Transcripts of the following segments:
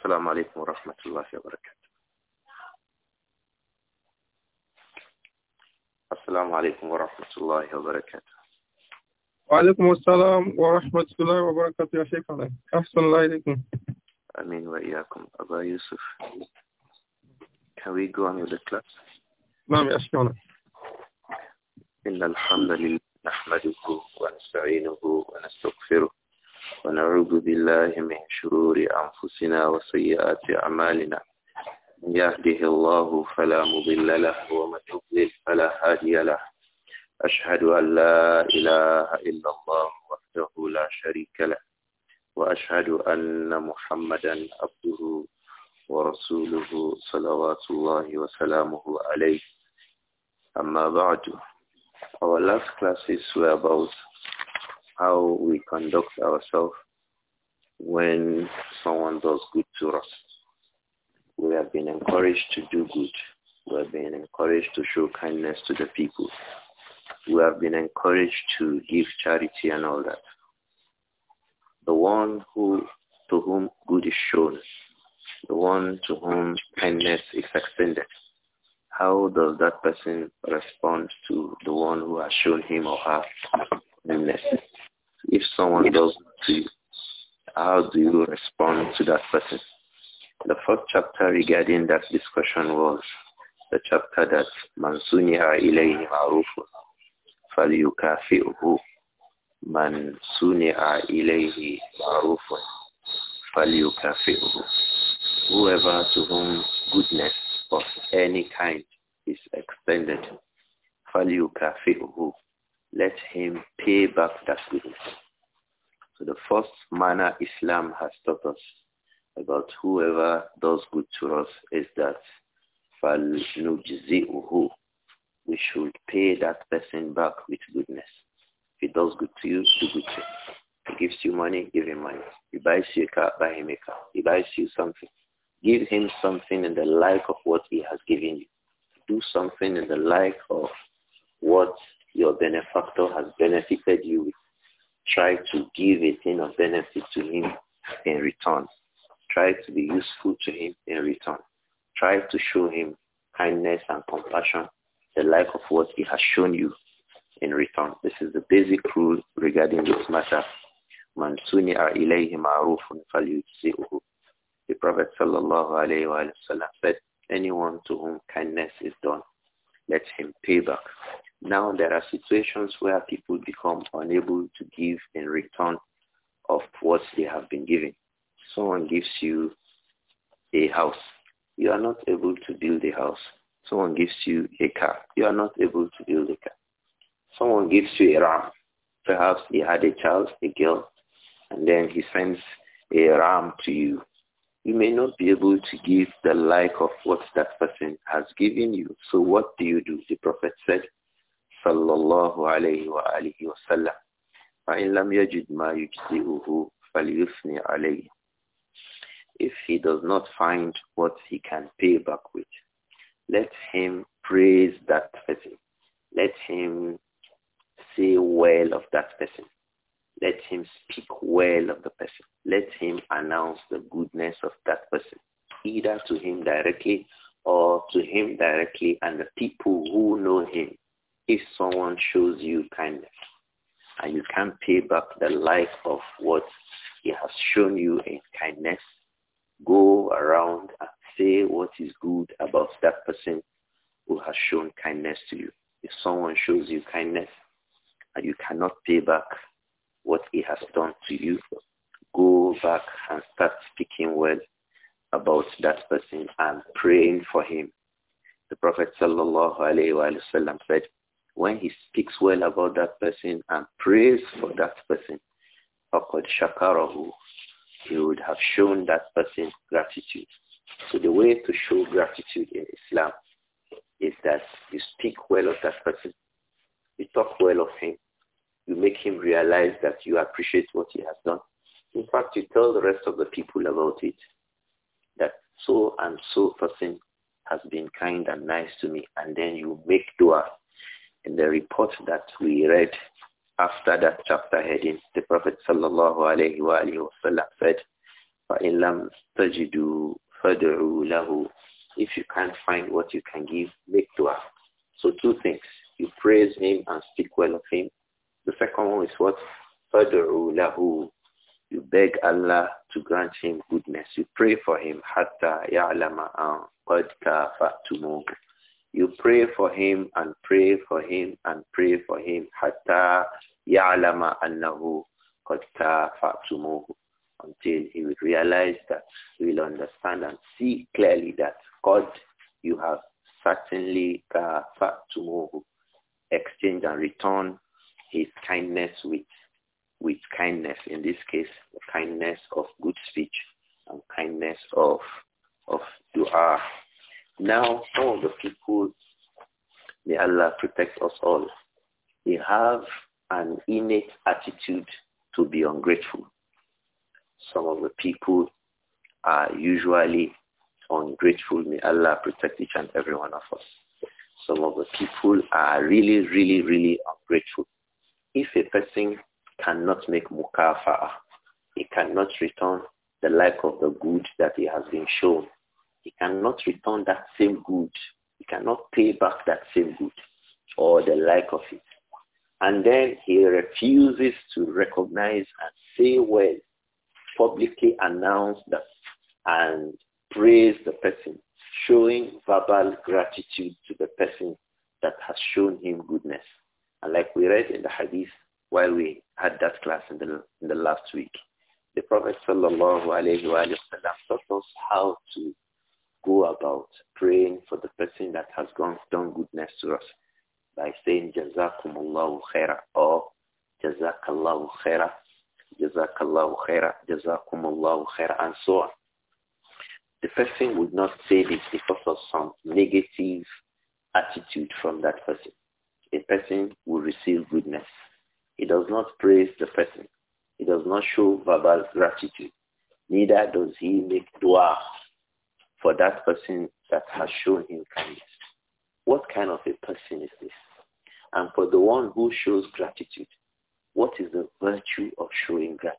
السلام عليكم ورحمة الله وبركاته السلام عليكم ورحمة الله وبركاته وعليكم السلام ورحمة الله وبركاته يا شيخنا أحسن الله إليكم أمين وإياكم أبا يوسف Can we go on with the class? نعم يا شيخنا إن الحمد لله نحمده ونستعينه ونستغفره ونعوذ بالله من شرور أنفسنا وسيئات أعمالنا من يهده الله فلا مضل له ومن يضلل فلا هادي له أشهد أن لا إله إلا الله وحده لا شريك له وأشهد أن محمدا عبده ورسوله صلوات الله وسلامه عليه أما بعد Our last classes were about how we conduct ourselves when someone does good to us. We have been encouraged to do good. We have been encouraged to show kindness to the people. We have been encouraged to give charity and all that. The one who, to whom good is shown, the one to whom kindness is extended, how does that person respond to the one who has shown him or her kindness? If someone does to you, how do you respond to that person? The first chapter regarding that discussion was the chapter that Man suniha ilayhi ma'rufun falyukafi'hu Man ilayhi ma'rufun falyukafi'hu Whoever to whom goodness of any kind is extended falyukafi'hu let him pay back that goodness. So the first manner Islam has taught us about whoever does good to us is that we should pay that person back with goodness. If he does good to you, do good to him. He gives you money, give him money. He buys you a car, buy him a car. He buys you something. Give him something in the like of what he has given you. Do something in the like of what your benefactor has benefited you with. Try to give a thing of benefit to him in return. Try to be useful to him in return. Try to show him kindness and compassion, the like of what he has shown you in return. This is the basic rule regarding this matter. ilayhi ma'rufun The Prophet sallallahu alayhi wa sallam said, anyone to whom kindness is done, let him pay back. Now there are situations where people become unable to give in return of what they have been given. Someone gives you a house. You are not able to build a house. Someone gives you a car. You are not able to build a car. Someone gives you a ram. Perhaps he had a child, a girl, and then he sends a ram to you. You may not be able to give the like of what that person has given you. So what do you do? The Prophet said, صلى الله عليه وآله وسلم فإن لم يجد ما يجزئه فليثني عليه If he does not find what he can pay back with, let him praise that person. Let him say well of that person. Let him speak well of the person. Let him announce the goodness of that person, either to him directly or to him directly and the people who know him if someone shows you kindness and you can't pay back the life of what he has shown you in kindness, go around and say what is good about that person who has shown kindness to you. If someone shows you kindness and you cannot pay back what he has done to you, go back and start speaking well about that person and praying for him. The Prophet sallallahu alaihi wasallam said, when he speaks well about that person and prays for that person, فَقَدْ شَكَرَهُ He would have shown that person gratitude. So the way to show gratitude in Islam is that you speak well of that person. You talk well of him. You make him realize that you appreciate what he has done. In fact, you tell the rest of the people about it, that so and so person has been kind and nice to me, and then you make dua in the report that we read after that chapter heading, the Prophet sallallahu alayhi wa alayhi wa said, فَإِنْ لَمْ تَجِدُوا فَدْعُوا لَهُ If you can't find what you can give, make dua. So two things. You praise him and speak well of him. The second one is what? فَدْعُوا لَهُ You beg Allah to grant him goodness. You pray for him. حَتَّى يَعْلَمَ أَنْ قَدْ كَافَأْتُمُوهُ you pray for him and pray for him and pray for him. Hatta ya'lama annahu Until he will realize that, he will understand and see clearly that God, you have certainly kafatumuhu. Exchange and return his kindness with, with kindness. In this case, kindness of good speech and kindness of, of dua. Now, some of the people, may Allah protect us all, they have an innate attitude to be ungrateful. Some of the people are usually ungrateful. May Allah protect each and every one of us. Some of the people are really, really, really ungrateful. If a person cannot make mukafa'a, he cannot return the like of the good that he has been shown he cannot return that same good. He cannot pay back that same good or the like of it. And then he refuses to recognize and say well, publicly announce that and praise the person, showing verbal gratitude to the person that has shown him goodness. And like we read in the hadith while we had that class in the, in the last week, the Prophet sallallahu alayhi wa taught us how to go about praying for the person that has gone, done goodness to us by saying Jazakumullahu khaira or Jazakallahu khaira, Jazakallahu khaira, Jazakumullahu khaira, and so on. The person would not say this because of some negative attitude from that person. A person will receive goodness. He does not praise the person. He does not show verbal gratitude. Neither does he make dua for that person that has shown him kindness. What kind of a person is this? And for the one who shows gratitude, what is the virtue of showing gratitude?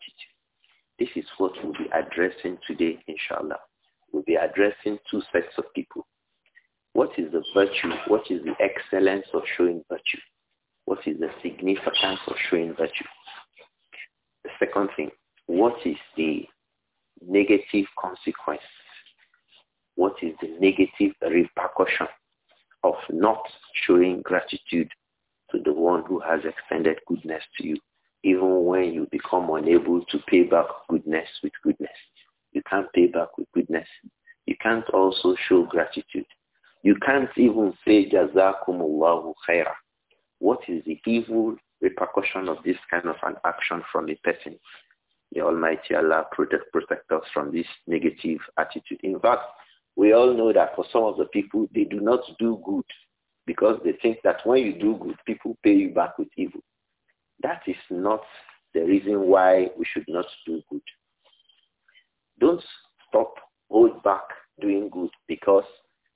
This is what we'll be addressing today, inshallah. We'll be addressing two sets of people. What is the virtue? What is the excellence of showing virtue? What is the significance of showing virtue? The second thing, what is the negative consequence what is the negative repercussion of not showing gratitude to the one who has extended goodness to you, even when you become unable to pay back goodness with goodness. You can't pay back with goodness. You can't also show gratitude. You can't even say Jazakumullahu khairah. What is the evil repercussion of this kind of an action from a person? May Almighty Allah protect, protect us from this negative attitude. In fact, we all know that for some of the people, they do not do good because they think that when you do good, people pay you back with evil. That is not the reason why we should not do good. Don't stop, hold back doing good because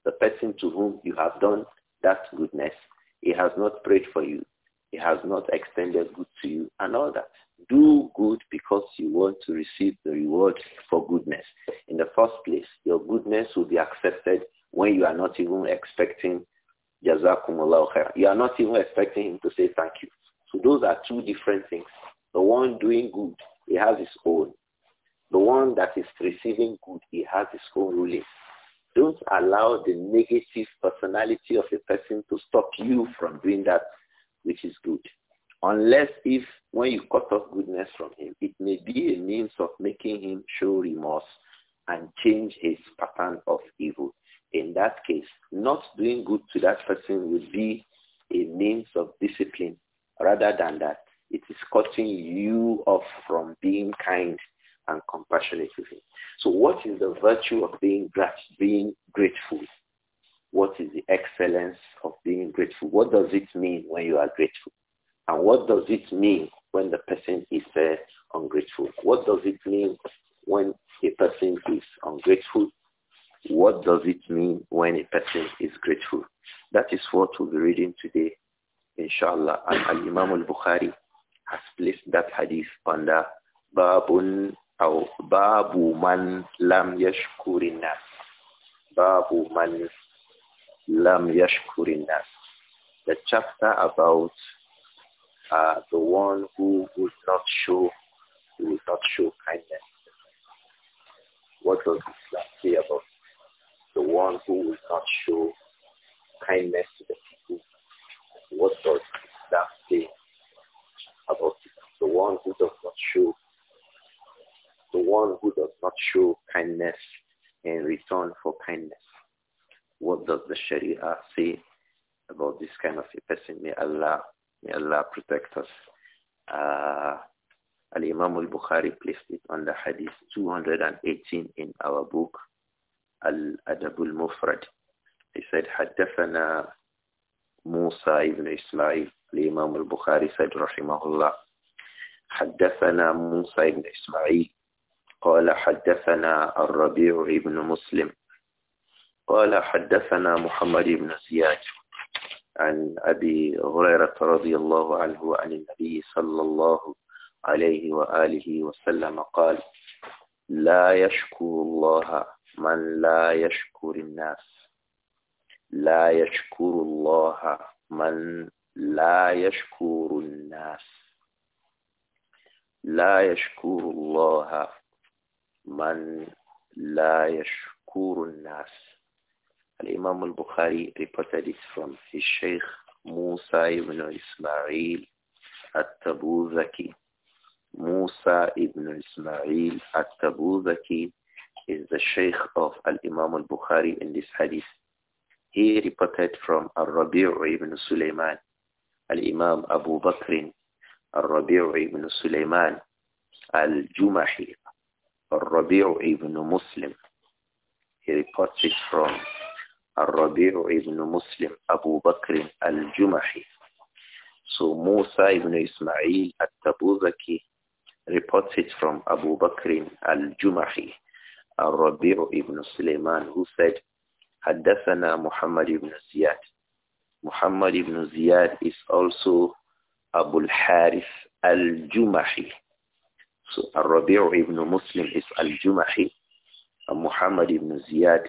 the person to whom you have done that goodness, he has not prayed for you. He has not extended good to you and all that. Do good because you want to receive the reward for goodness. In the first place, your goodness will be accepted when you are not even expecting Jazakumullah khair. You are not even expecting him to say thank you. So those are two different things. The one doing good, he has his own. The one that is receiving good, he has his own ruling. Don't allow the negative personality of a person to stop you from doing that which is good. Unless if when you cut off goodness from him, it may be a means of making him show remorse and change his pattern of evil. In that case, not doing good to that person would be a means of discipline. Rather than that, it is cutting you off from being kind and compassionate with him. So what is the virtue of being, grat being grateful? What is the excellence of being grateful? What does it mean when you are grateful? And what does it mean when the person is uh, ungrateful? What does it mean when a person is ungrateful? What does it mean when a person is grateful? That is what we'll be reading today, inshallah. And al Imam al-Bukhari has placed that hadith under Babun aw Babu man lam yashkurin nas. Babu man lam yashkurin nas. The chapter about uh, the one who would not show, who would not show kindness. What does Islam say about the one who would not show kindness to the people? What does Islam say about the one who does not show the one who does not show kindness in return for kindness. What does the Sharia say about this kind of a person? May Allah May Allah protect us. Uh, Al-Imam al-Bukhari placed it on the Hadith 218 in our book, Al-Adab al-Mufrad. He said, حدثنا موسى ابن إسماعيل الإمام البخاري said رحمه الله حدثنا موسى ابن إسماعيل قال حدثنا الربيع ابن مسلم قال حدثنا محمد بن زياد عن أبي هريرة رضي الله عنه عن النبي صلى الله عليه وآله وسلم قال لا يشكر الله من لا يشكر الناس لا يشكر الله من لا يشكر الناس لا يشكر الله من لا يشكر الناس Al-Imam al-Bukhari reported it from his Sheikh Musa ibn Ismail at-Tabuzaki. Musa ibn Ismail at-Tabuzaki is the Sheikh of Al-Imam al-Bukhari in this hadith. He reported from Al-Rabi'u ibn Sulaiman, Al-Imam Abu Bakr, Al-Rabi'u ibn Sulaiman, Al-Jumahi, Al-Rabi'u ibn Muslim. He reports it from الربيع ibn Muslim Abu Bakr al-Jumahi. So Musa ibn Ismail al-Tabuzaki reports it from Abu Bakr al-Jumahi, al-Rabi'u ibn Sulaiman, who said, حدثنا Muhammad ibn Ziyad. Muhammad ibn Ziyad is also Abu al-Harith al-Jumahi. So al-Rabi'u ibn Muslim is al-Jumahi, Muhammad ibn Ziyad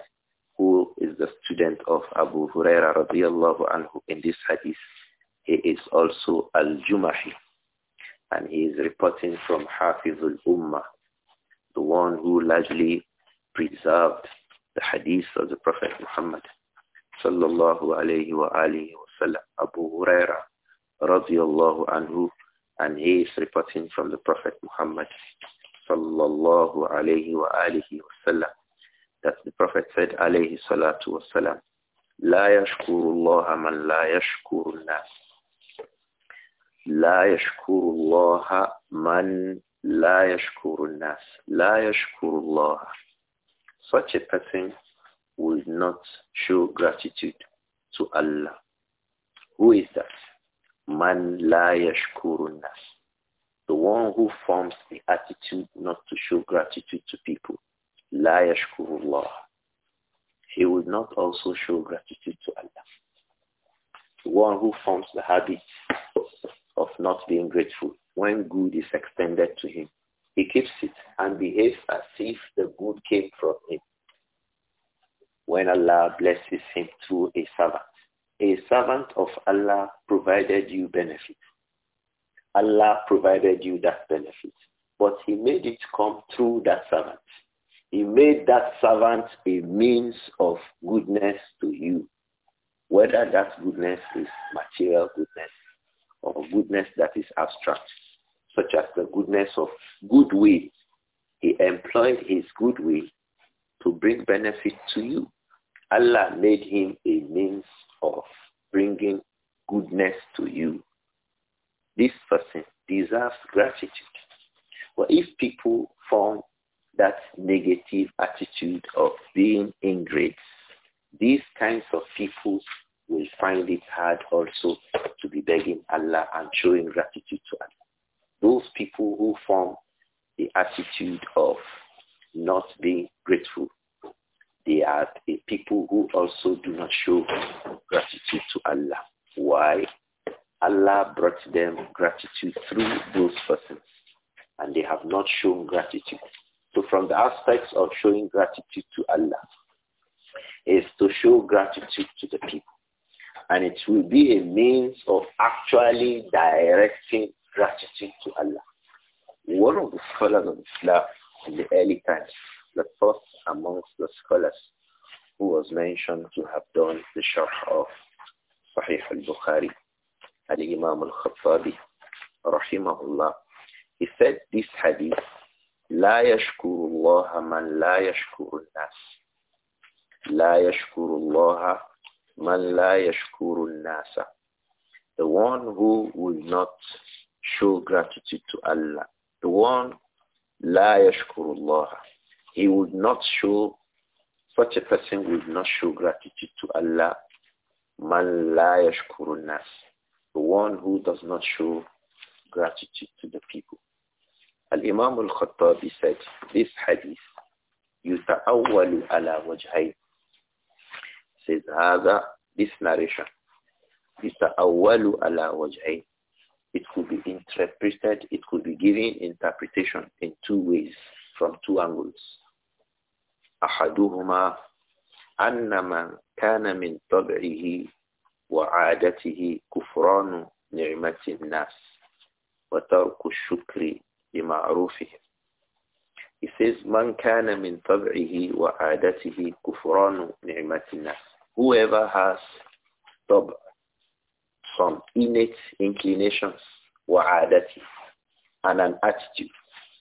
who is the student of Abu Huraira radiallahu anhu in this hadith, he is also al-Jumahi and he is reporting from Hafizul Ummah, the one who largely preserved the hadith of the Prophet Muhammad sallallahu alayhi wa alihi wa Abu Huraira radiallahu anhu and he is reporting from the Prophet Muhammad sallallahu alayhi wa alihi wa that the Prophet said, alayhi salatu wasalam, لا يشكر الله من لا يشكر الناس. لا يشكر الله من لا يشكر الناس. لا يشكر الله. Such a person will not show gratitude to Allah. Who is that? Man la yashkurun nas. The one who forms the attitude not to show gratitude to people. La yashkurullah. He will not also show gratitude to Allah. The one who forms the habit of not being grateful when good is extended to him, he keeps it and behaves as if the good came from him. When Allah blesses him through a servant, a servant of Allah provided you benefit. Allah provided you that benefit, but he made it come through that servant. He made that servant a means of goodness to you, whether that goodness is material goodness or goodness that is abstract, such as the goodness of goodwill. He employed his goodwill to bring benefit to you. Allah made him a means of bringing goodness to you. This person deserves gratitude. But if people form that negative attitude of being ingrates. These kinds of people will find it hard also to be begging Allah and showing gratitude to Allah. Those people who form the attitude of not being grateful, they are the people who also do not show gratitude to Allah. Why? Allah brought them gratitude through those persons and they have not shown gratitude. So from the aspects of showing gratitude to Allah is to show gratitude to the people. And it will be a means of actually directing gratitude to Allah. One of the scholars of Islam in the early times, the first amongst the scholars who was mentioned to have done the sharh of Sahih al-Bukhari, al-Imam al-Khattabi, rahimahullah, he said this hadith لا يشكر الله من لا يشكر الناس لا يشكر الله من لا يشكر الناس the one who will not show gratitude to Allah the one لا يشكر الله he would not show such a person would not show gratitude to Allah man لا يشكر nas the one who does not show gratitude to the people الإمام الخطاب سجلس حديث يتأول على وجهين سيد هذا this narration يتأول على وجهين it could be interpreted it could be given interpretation in two ways from two angles أحدهما أن من كان من طبعه وعادته كفران نعمة الناس وترك الشكر بمعروفه He says, من كان من طبعه وعادته كفران نعمة الناس Whoever has طبع, some innate inclinations, وعادته, and an attitude,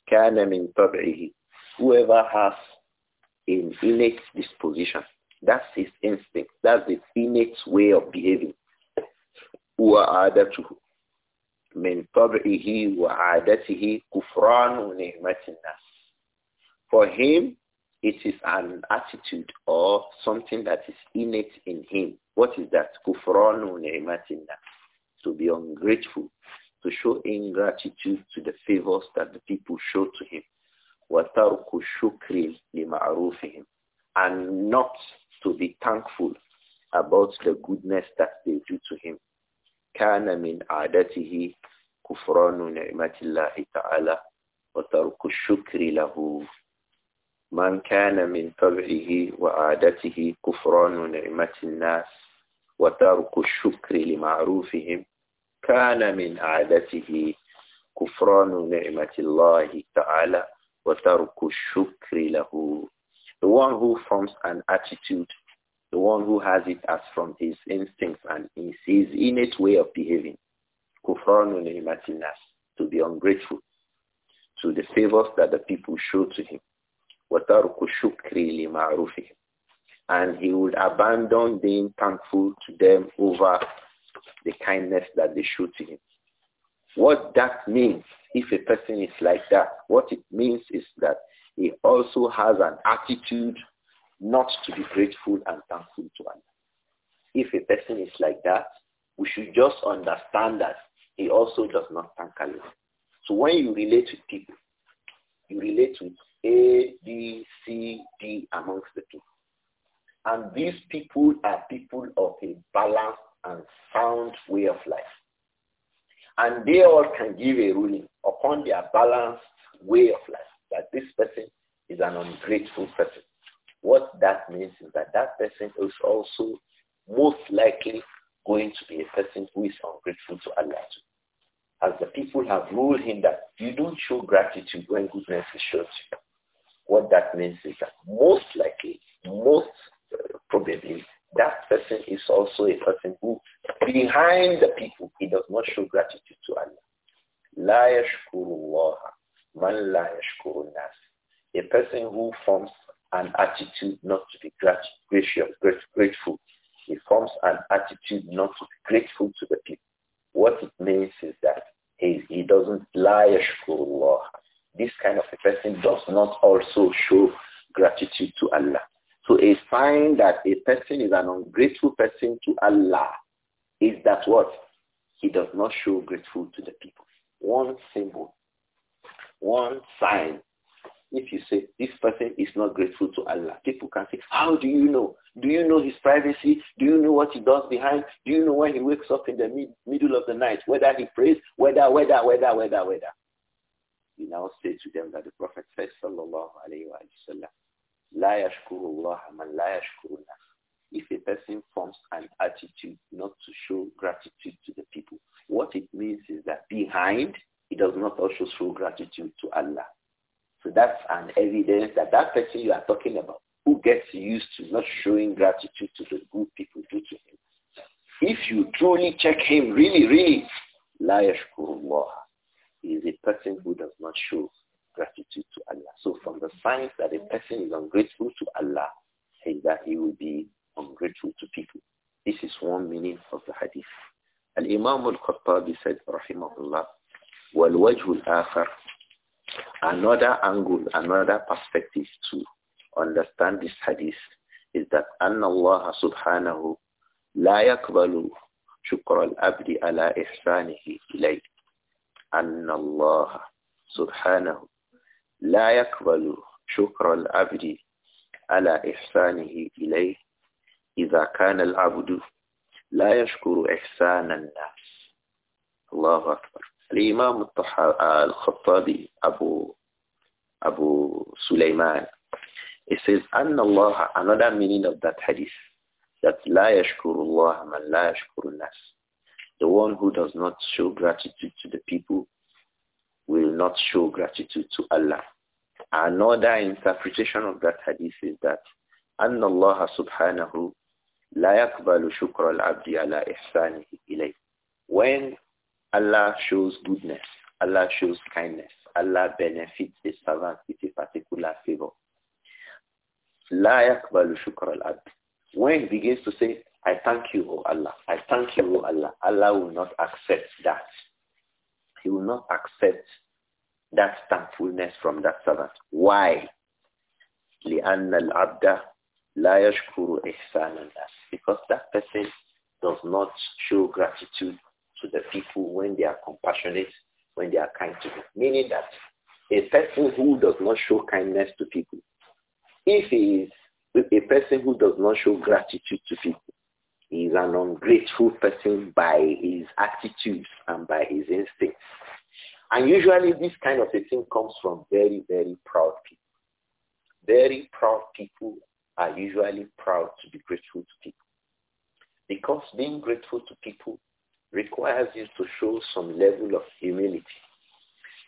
كان من طبعه Whoever has an innate disposition, that's his instinct, that's his innate way of behaving, وعادته min For him, it is an attitude or something that is innate in him. What is that? كفران نعمة To be ungrateful, to show ingratitude to the favors that the people show to him. وترك الشكر لمعروفهم. And not to be thankful about the goodness that they do to him kana min adatihi kufuranu ni'matillahi ta'ala wa tarku shukri lahu lahu the one who forms an attitude one who has it as from his instincts and his, innate way of behaving. To be ungrateful to the favors that the people show to him. And he would abandon being thankful to them over the kindness that they show to him. What that means, if a person is like that, what it means is that he also has an attitude not to be grateful and thankful to Allah. If a person is like that, we should just understand that he also does not thank Allah. So when you relate with people, you relate with A, B, C, D amongst the people. And these people are people of a balanced and sound way of life. And they all can give a ruling upon their balanced way of life that this person is an ungrateful person. What that means is that that person is also most likely going to be a person who is ungrateful to Allah. As the people have ruled him that you don't show gratitude when goodness is shown to you. What that means is that most likely, most uh, probably, that person is also a person who, behind the people, he does not show gratitude to Allah. لا يشكر الله من لا يشكر A person who forms an attitude not to be gracious, grateful. He forms an attitude not to be grateful to the people. What it means is that he, he doesn't lie Allah. This kind of a person does not also show gratitude to Allah. So a sign that a person is an ungrateful person to Allah is that what? He does not show grateful to the people. One symbol, one sign if you say this person is not grateful to Allah, people can say, how do you know? Do you know his privacy? Do you know what he does behind? Do you know when he wakes up in the mid- middle of the night? Whether he prays, whether, whether, whether, whether, whether. We now say to them that the Prophet says, sallallahu alayhi wasallam, sallam, la yashkurullah man la yashkurullah. If a person forms an attitude not to show gratitude to the people, what it means is that behind, he does not also show gratitude to Allah so that's an evidence that that person you are talking about who gets used to not showing gratitude to the good people do to him. If you truly check him, really, really, la He is a person who does not show gratitude to Allah. So from the signs that a person is ungrateful to Allah is that he will be ungrateful to people. This is one meaning of the hadith. Al-Imam al-Qattabi said, rahimahullah, وَالْوَجْهُ الْآخَرُ Another angle, another perspective to understand this hadith is that Allah subhanahu la yakbalu shukra al-abdi ala ihsanihi ilayh. أن الله سبحانه لا يقبل شكر العبد على إحسانه إليه إذا كان العبد لا يشكر إحسان الناس الله أكبر الإمام الخطابي أبو Sulaiman. It says, أَنَّ اللَّهَ Another meaning of that hadith, that لَا يَشْكُرُ اللَّهَ مَنْ لَا يَشْكُرُ النَّاسِ The one who does not show gratitude to the people will not show gratitude to Allah. Another interpretation of that hadith is that أَنَّ اللَّهَ سُبْحَانَهُ لَا يَقْبَلُ شُكْرَ الْعَبْدِ عَلَى إِحْسَانِهِ إِلَيْهِ When Allah shows goodness, Allah shows kindness, Allah benefits the servant with a particular favor. La yakbalu shukr al When he begins to say, I thank you, O Allah, I thank you, O Allah, Allah will not accept that. He will not accept that thankfulness from that servant. Why? لأن العبد لا يشكر إحسان الناس because that person does not show gratitude to the people when they are compassionate when they are kind to them. Meaning that a person who does not show kindness to people, if he is a person who does not show gratitude to people, he is an ungrateful person by his attitudes and by his instincts. And usually this kind of a thing comes from very, very proud people. Very proud people are usually proud to be grateful to people. Because being grateful to people requires you to show some level of humility.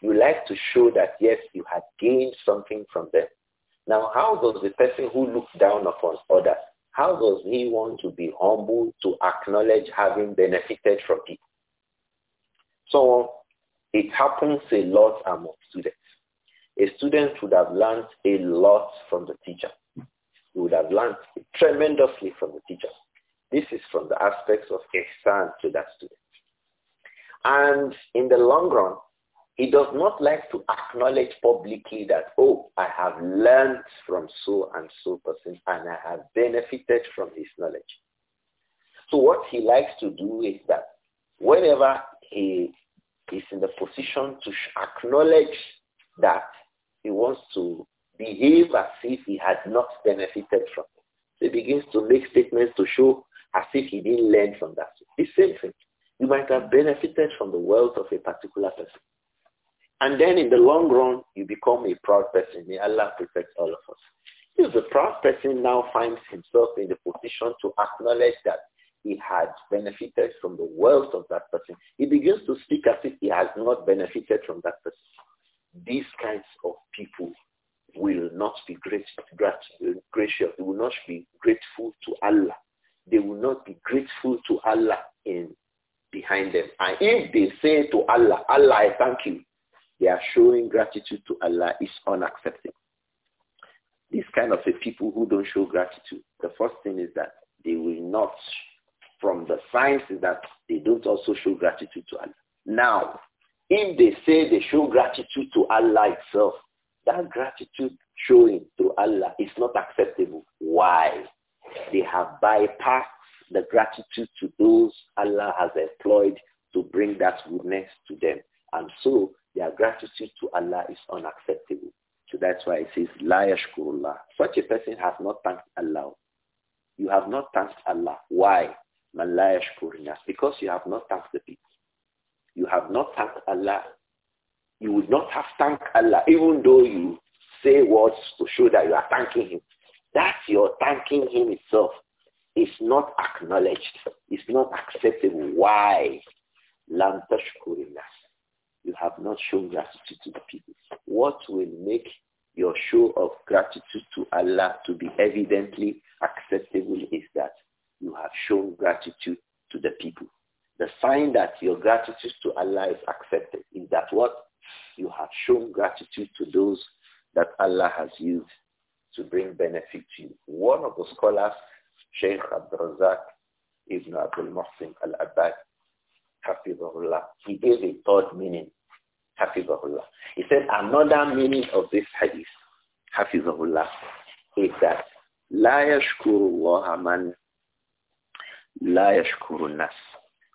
You like to show that, yes, you had gained something from them. Now, how does the person who looks down upon others, how does he want to be humble to acknowledge having benefited from it? So it happens a lot among students. A student would have learned a lot from the teacher. He would have learned tremendously from the teacher. This is from the aspects of ihsan to that student. And in the long run, he does not like to acknowledge publicly that, oh, I have learned from so and so person and I have benefited from his knowledge. So what he likes to do is that whenever he is in the position to acknowledge that he wants to behave as if he had not benefited from it. he begins to make statements to show as if he didn't learn from that. The same thing. You might have benefited from the wealth of a particular person. And then in the long run, you become a proud person. May Allah protect all of us. If the proud person now finds himself in the position to acknowledge that he had benefited from the wealth of that person, he begins to speak as if he has not benefited from that person. These kinds of people will not be gracious. They will not be grateful to Allah they will not be grateful to Allah in behind them. And if they say to Allah, Allah, I thank you, they are showing gratitude to Allah is unacceptable. These kind of a people who don't show gratitude, the first thing is that they will not, from the signs is that they don't also show gratitude to Allah. Now, if they say they show gratitude to Allah itself, that gratitude showing to Allah is not acceptable. Why? They have bypassed the gratitude to those Allah has employed to bring that goodness to them. And so their gratitude to Allah is unacceptable. So that's why it says, La yashkurullah. Such a person has not thanked Allah. You have not thanked Allah. Why? Man la Because you have not thanked the people. You have not thanked Allah. You would not have thanked Allah even though you say words to show that you are thanking him. That your thanking him itself is not acknowledged. It's not acceptable. Why? Lam You have not shown gratitude to the people. What will make your show of gratitude to Allah to be evidently acceptable is that you have shown gratitude to the people. The sign that your gratitude to Allah is accepted is that what? You have shown gratitude to those that Allah has used to bring benefit to you. One of the scholars, Sheikh Abdul Razak Ibn Abdul Muhsin Al-Abbad, Hafizahullah, he gave a third meaning, Hafizahullah. He said another meaning of this hadith, Hafizahullah, is that لا يشكر الله من لا يشكر الناس.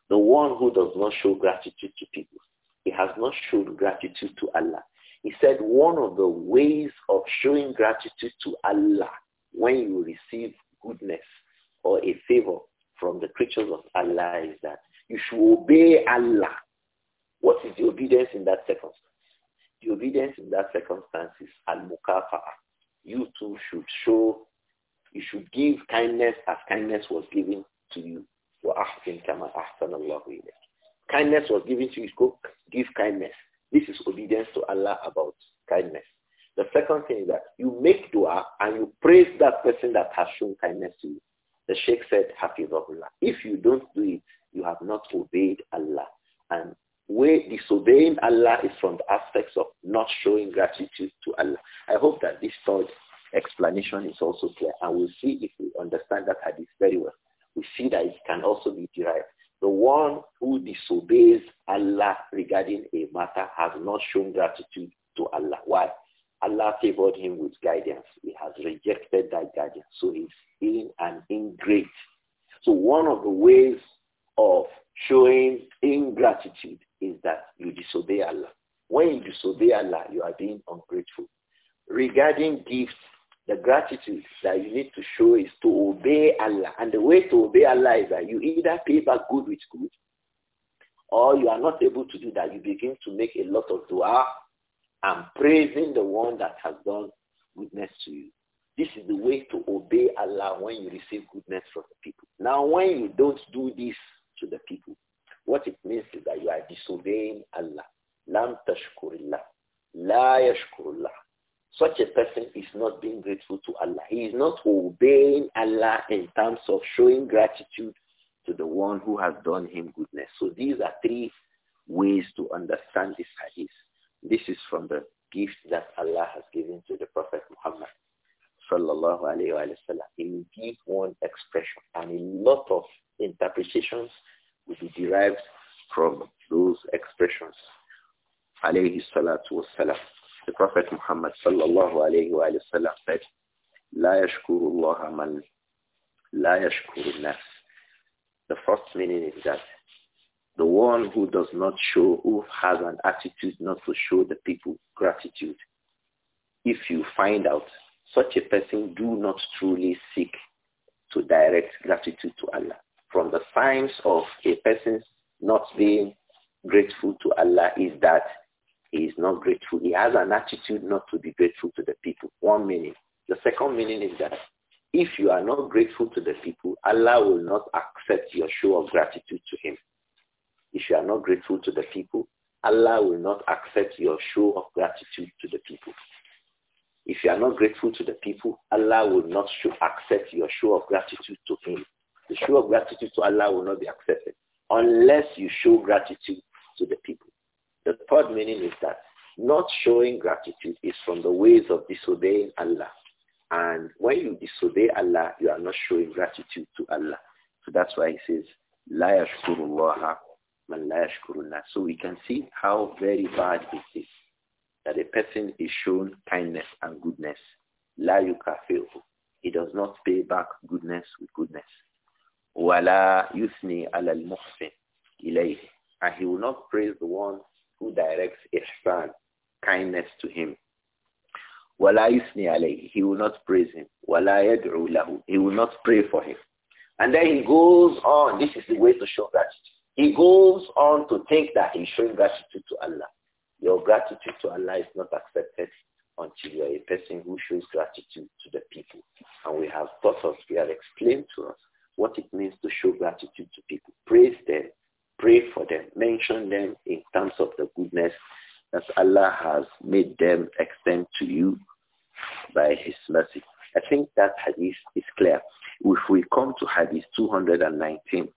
The one who does not show gratitude to people, he has not shown gratitude to Allah. He said one of the ways of showing gratitude to Allah when you receive goodness or a favor from the creatures of Allah is that you should obey Allah. What is the obedience in that circumstance? The obedience in that circumstance is al-mukafa'a. You too should show, you should give kindness as kindness was given to you. وَأَحْسِنْ كَمَا أَحْسَنَ اللَّهُ إِلَيْكَ Kindness was given to you, go give kindness this is obedience to Allah about kindness. The second thing is that you make dua and you praise that person that has shown kindness to you. The Sheikh said, Allah." If you don't do it, you have not obeyed Allah. And where disobeying Allah is from the aspects of not showing gratitude to Allah. I hope that this third explanation is also clear. And we'll see if we understand that hadith very well. We see that it can also be derived the one who disobeys Allah regarding a matter has not shown gratitude to Allah. Why? Allah favored him with guidance. He has rejected that guidance. So he's in an ingrate. So one of the ways of showing ingratitude is that you disobey Allah. When you disobey Allah, you are being ungrateful. Regarding gifts the gratitude that you need to show is to obey Allah. And the way to obey Allah is that you either pay back good with good or you are not able to do that. You begin to make a lot of dua and praising the one that has done goodness to you. This is the way to obey Allah when you receive goodness from the people. Now, when you don't do this to the people, what it means is that you are disobeying Allah. الله لا يشكر الله such a person is not being grateful to Allah. He is not obeying Allah in terms of showing gratitude to the one who has done him goodness. So these are three ways to understand this hadith. This is from the gift that Allah has given to the Prophet Muhammad sallallahu alayhi wa sallam. He will give one expression and a lot of interpretations will be derived from those expressions alayhi salatu the Prophet Muhammad sallallahu alayhi wa sallam said, لا يشكر الله من لا يشكر الناس. The first meaning is that the one who does not show, who has an attitude not to show the people gratitude. If you find out such a person do not truly seek to direct gratitude to Allah. From the signs of a person not being grateful to Allah is that he is not grateful. He has an attitude not to be grateful to the people. One meaning. The second meaning is that if you are not grateful to the people, Allah will not accept your show of gratitude to him. If you are not grateful to the people, Allah will not accept your show of gratitude to the people. If you are not grateful to the people, Allah will not show, accept your show of gratitude to him. The show of gratitude to Allah will not be accepted unless you show gratitude to the people. The third meaning is that not showing gratitude is from the ways of disobeying Allah. And when you disobey Allah, you are not showing gratitude to Allah. So that's why he says, La yashkurullaha man la yashkurunna. So we can see how very bad it is that a person is shown kindness and goodness. لا يكافئه. He does not pay back goodness with goodness. ولا yusni على المحسن إليه. And he will not praise the one who directs ihsan, kindness to him. وَلَا يُثْنِي عَلَيْهِ He will not praise him. وَلَا يَدْعُو لَهُ He will not pray for him. And then he goes on. This is the way to show gratitude. He goes on to think that he's showing gratitude to Allah. Your gratitude to Allah is not accepted until you are a person who shows gratitude to the people. And we have taught us, we have explained to us what it means to show gratitude to people. Praise them Pray for them. Mention them in terms of the goodness that Allah has made them extend to you by his mercy. I think that hadith is clear. If we come to hadith 219,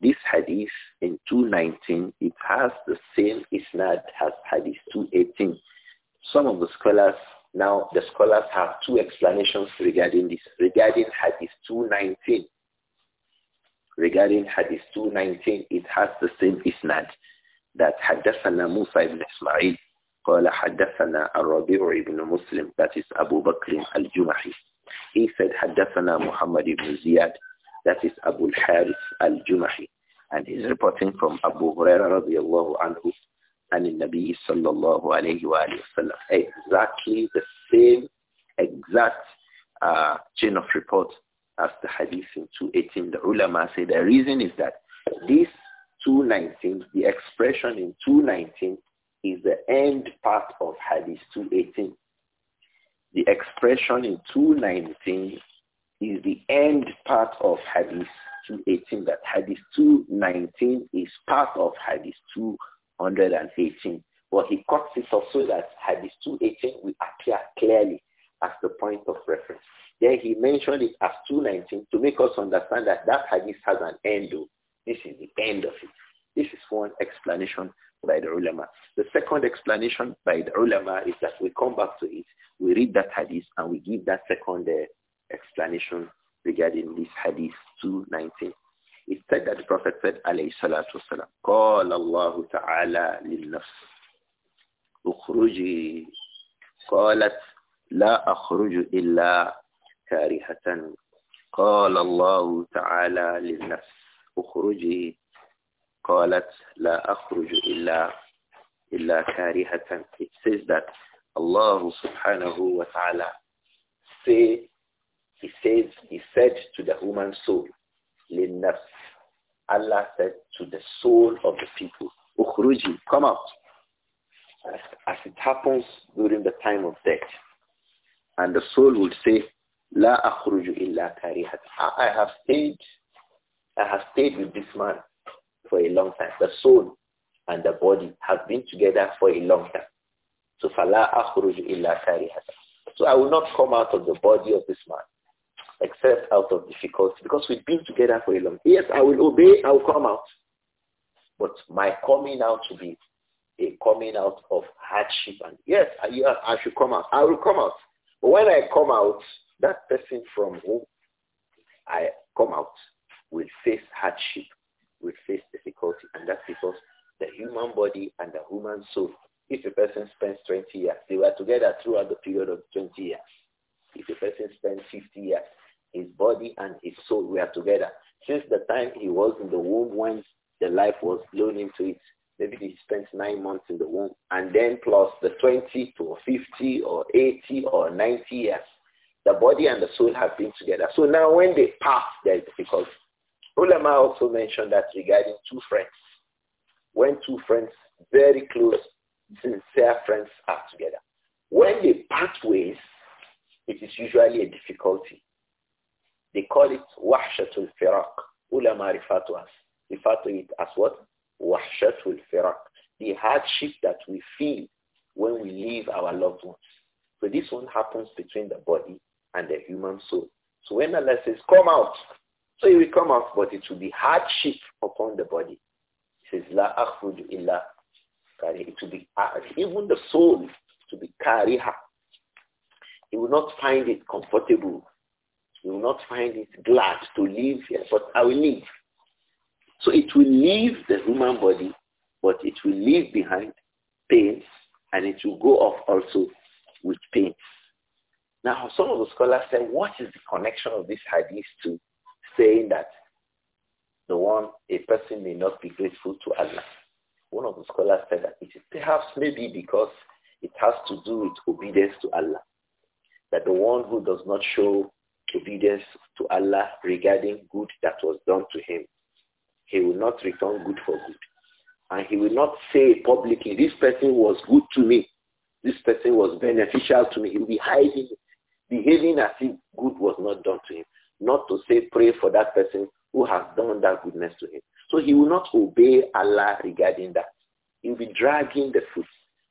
this hadith in 219, it has the same isnad as hadith 218. Some of the scholars, now the scholars have two explanations regarding this, regarding hadith 219 regarding Hadith 219, it has the same isnad that حدثنا موسى ibn إسماعيل قال حدثنا الربيع ibn Muslim that is Abu Bakr al He said حدثنا Muhammad ibn Ziyad that is Abu al-Harith and he's reporting from Abu Huraira radiallahu anhu and the Nabi sallallahu alayhi wa sallam exactly the same exact uh, chain of reports as the hadith in 218. The ulama say the reason is that this 219, the expression in 219 is the end part of hadith 218. The expression in 219 is the end part of hadith 218. That hadith 219 is part of hadith 218. Well, he cuts it off so that hadith 218 will appear clearly as the point of reference. Then he mentioned it as 219 to make us understand that that hadith has an end. This is the end of it. This is one explanation by the ulama. The second explanation by the ulama is that we come back to it, we read that hadith, and we give that second uh, explanation regarding this hadith 219. It said that the Prophet said, alayhi salatu wasalam, قال الله تعالى للنفس اخرجي قالت لا أخرج إلا كارهة قال الله تعالى للنفس اخرجي قالت لا أخرج إلا إلا كارهة it says that Allah subhanahu wa ta'ala say he says he said to the human soul للنفس Allah said to the soul of the people أخرجي come out as, as it happens during the time of death and the soul will say La akhruju illa karihat. I have stayed, I have stayed with this man for a long time. The soul and the body have been together for a long time. So فَلَا أَخْرُجُ إلَّا karihat. So I will not come out of the body of this man except out of difficulty because we've been together for a long time. Yes, I will obey, I will come out. But my coming out to be a coming out of hardship and yes, I, I should come out. I will come out. But when I come out, that person from whom I come out will face hardship, will face difficulty, and that's because the human body and the human soul, if a person spends 20 years, they were together throughout the period of 20 years. If a person spends 50 years, his body and his soul were together. Since the time he was in the womb when the life was blown into it, maybe he spent nine months in the womb, and then plus the 20 to 50 or 80 or 90 years the body and the soul have been together. So now when they pass, there is difficulty. Ulama also mentioned that regarding two friends. When two friends, very close, sincere friends are together. When they part ways, it is usually a difficulty. They call it wahshatul firaq. Ulama refer to us, refer to it as what? Wahshatul firaq. The hardship that we feel when we leave our loved ones. So this one happens between the body and the human soul. So when the says, come out, so it will come out, but it will be hardship upon the body. It says, la akhruju illa kariha. It will be, even the soul to be kariha. He will not find it comfortable. He will not find it glad to live here, but I will live. So it will leave the human body, but it will leave behind pains, and it will go off also with pains. Now, some of the scholars say, what is the connection of this hadith to saying that the one, a person may not be grateful to Allah? One of the scholars said that it is perhaps maybe because it has to do with obedience to Allah. That the one who does not show obedience to Allah regarding good that was done to him, he will not return good for good. And he will not say publicly, this person was good to me. This person was beneficial to me. He will be hiding it behaving as if good was not done to him, not to say pray for that person who has done that goodness to him. So he will not obey Allah regarding that. He will be dragging the foot.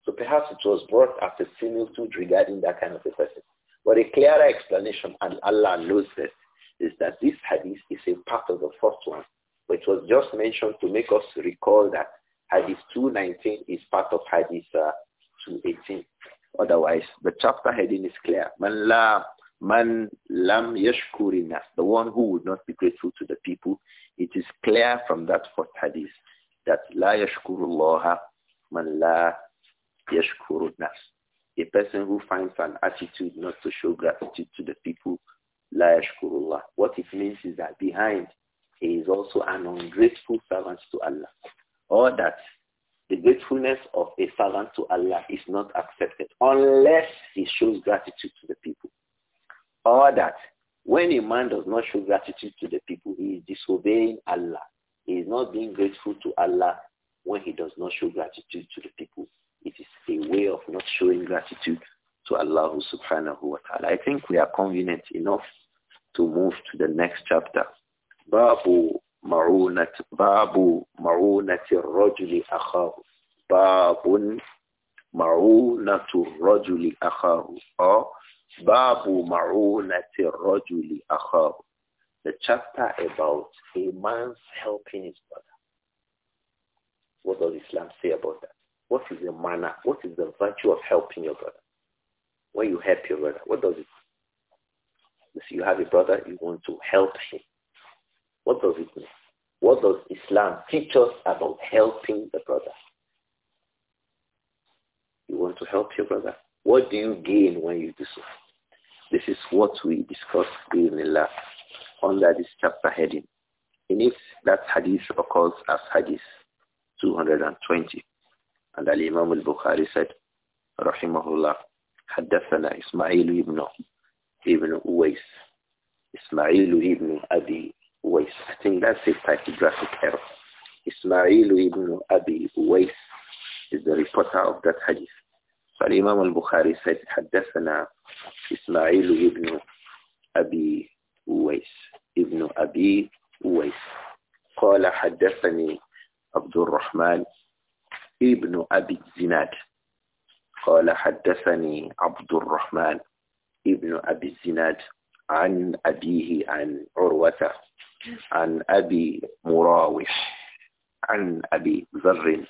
So perhaps it was brought as a similitude regarding that kind of a person. But a clearer explanation, and Allah knows this, is that this hadith is a part of the first one, which was just mentioned to make us recall that hadith 219 is part of hadith uh, 218. Otherwise, the chapter heading is clear. Man la man lam yashkurinas, the one who would not be grateful to the people. It is clear from that first hadith that la yashkurullaha man la yashkurunas. A person who finds an attitude not to show gratitude to the people, la yashkurullah. What it means is that behind he is also an ungrateful servant to Allah. Or that the gratefulness of a servant to Allah is not accepted unless he shows gratitude to the people. Or that when a man does not show gratitude to the people, he is disobeying Allah. He is not being grateful to Allah when he does not show gratitude to the people. It is a way of not showing gratitude to Allah subhanahu wa ta'ala. I think we are convenient enough to move to the next chapter. Babu معونة باب معونة الرجل أخاه باب معونة الرجل أخاه or باب معونة الرجل أخاه the chapter about a man's helping his brother what does Islam say about that what is the manner what is the virtue of helping your brother when you help your brother what does it so you have a brother you want to help him what does it mean? What does Islam teach us about helping the brother? You want to help your brother? What do you gain when you do so? This is what we discussed in the last under this chapter heading. In it, that hadith occurs as hadith 220. And Al-Imam al-Bukhari said, Rahimahullah, حدثنا Ismail ibn, ibn Uwais, ibn Abi I think that's a typographic error. Ismail ibn Abi Uwais is the reporter of that hadith. But Imam al-Bukhari said, حدثنا Ismail ibn Abi Uwais. Ibn Abi Uwais. قال حدثني عبد ibn ابن أبي الزناد قال حدثني عبد ibn ابن أبي الزناد عن أبيه عن عروته عن أبي مراوح عن أبي ذر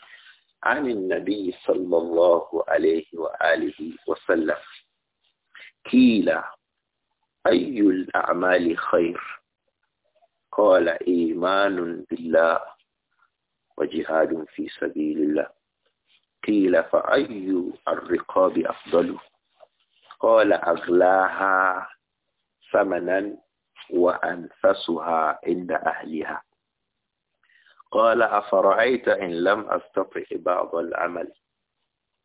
عن النبي صلى الله عليه وآله وسلم قيل أي الأعمال خير قال إيمان بالله وجهاد في سبيل الله قيل فأي الرقاب أفضل قال أغلاها ثمنا وأنفسها عند أهلها قال أفرأيت إن لم أستطع بعض العمل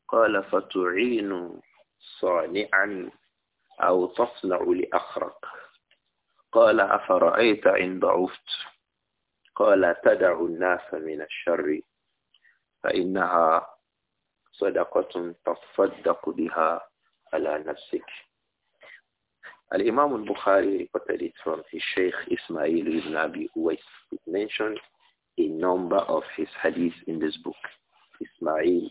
قال فتعين صانعا أو تصنع لأخرك قال أفرأيت إن ضعفت قال تدع الناس من الشر فإنها صدقة تصدق بها على نفسك Al-Imam al-Bukhari reported it from his Sheikh Ismail ibn Abi Uwais. It mentioned a number of his hadith in this book. Ismail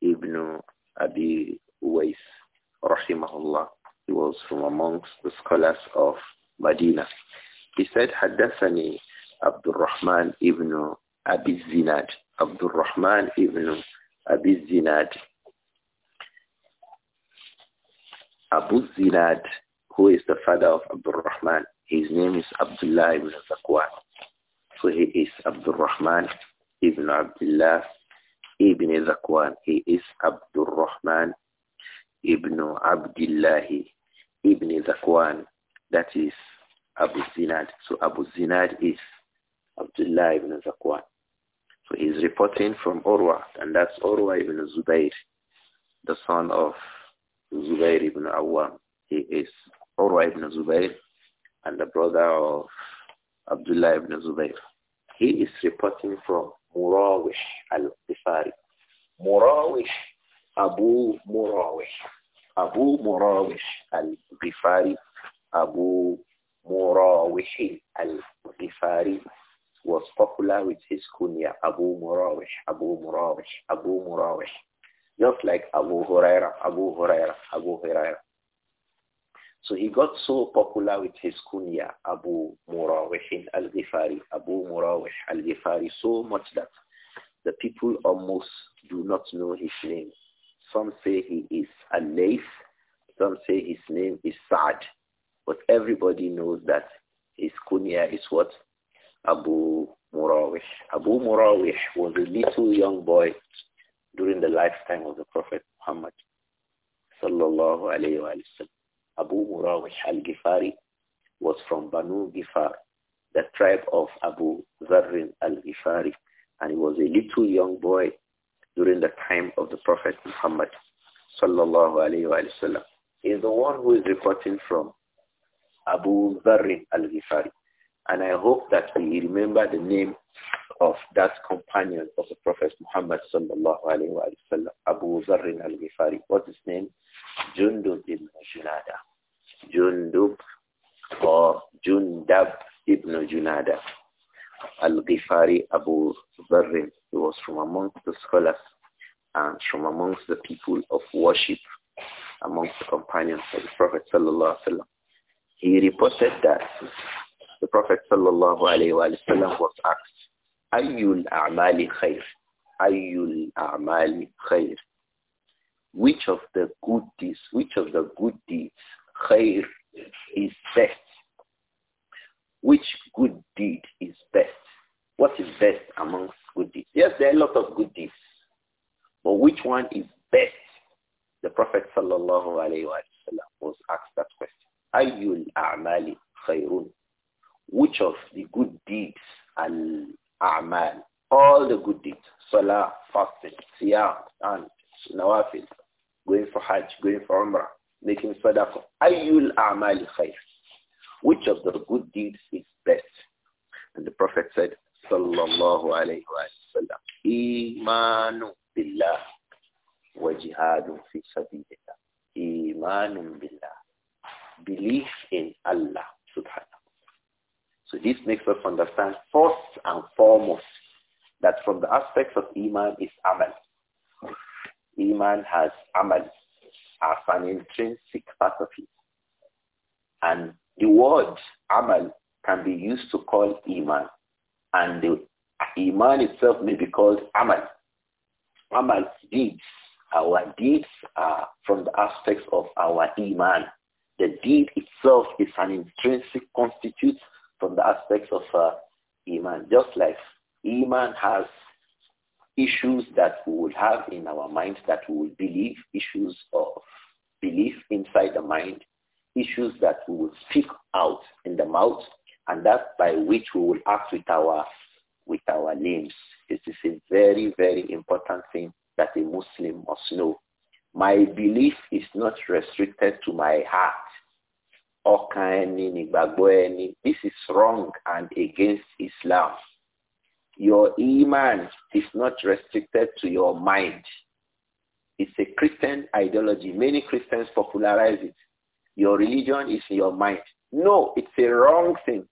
ibn Abi Uwais, rahimahullah. He was from amongst the scholars of Medina. He said, حدثني عبد الرحمن ibn Abi Zinad. عبد الرحمن ibn Abi Zinad. Abu Zinad who is the father of Abdul Rahman. His name is Abdullah ibn Zakwan. So he is Abdul Rahman ibn Abdullah ibn Zakwan. He is Abdul Rahman ibn Abdullah ibn Zakwan. That is Abu Zinad. So Abu Zinad is Abdullah ibn Zakwan. So he's reporting from Orwa, and that's Orwa ibn Zubayr, the son of Zubayr ibn Awam. He is Urwa ibn Zubayr and the brother of Abdullah ibn Zubayr. He is reporting from Murawish al-Ghifari. Murawish Abu Murawish Abu Murawish al-Ghifari. Abu Murawish al-Ghifari was popular with his kunya, Abu Murawish Abu Murawish Abu Murawish, Just like Abu Huraira, Abu Huraira, Abu Huraira. So he got so popular with his kunya, Abu Murawih al-Ghifari, Abu Murawih al-Ghifari, so much that the people almost do not know his name. Some say he is Al-Layth, some say his name is sad. but everybody knows that his kunya is what? Abu Murawih. Abu Murawih was a little young boy during the lifetime of the Prophet Muhammad sallallahu alayhi wa sallam. Abu Murawih al-Ghifari was from Banu Gifar, the tribe of Abu Zarrin al-Ghifari, and he was a little young boy during the time of the Prophet Muhammad sallallahu alayhi wa sallam. He is the one who is reporting from Abu Zarrin al-Ghifari. And I hope that we remember the name of that companion of the Prophet Muhammad sallallahu alayhi wa sallam, Abu Zarrin al-Ghifari. What's his name? Jundud ibn Junada. Jundub or Jundab ibn Junada al-Ghifari Abu Zarrin. He was from amongst the scholars and from amongst the people of worship amongst the companions of the Prophet sallallahu alaihi wasallam. He reported that the Prophet sallallahu alaihi wasallam was asked, "Ayyul a'mali khair? Ayyul a'mali khair? Which of the good deeds, which of the good deeds khair is best? Which good deed is best? What is best amongst good deeds? Yes, there are a lot of good deeds. But which one is best? The Prophet sallallahu alayhi wa was asked that question. Ayyul a'mali Which of the good deeds al-a'mal? All the good deeds. Salah, fasting, siyam, and nawafil, going for hajj, going for umrah, making sadaqah. Ayyul a'mali khayr. Which of the good deeds is best? And the Prophet said, sallallahu alayhi wa sallam, imanu billah wa jihadu fi sabilillah. Imanu billah. Belief in Allah subhanahu. So this makes us understand first and foremost that from the aspects of Iman is Amal. Iman has Amal as an intrinsic part of it. And the word amal can be used to call iman. And the iman itself may be called amal. deeds. Our deeds are from the aspects of our iman. The deed itself is an intrinsic constitute from the aspects of uh, iman. Just like iman has issues that we would have in our mind that we would believe, issues of belief inside the mind, issues that we would speak out in the mouth, and that by which we will act with our with our limbs. This is a very, very important thing that a Muslim must know. My belief is not restricted to my heart. This is wrong and against Islam. Your iman is not restricted to your mind. It's a Christian ideology. Many Christians popularize it. Your religion is your mind. No, it's a wrong thing.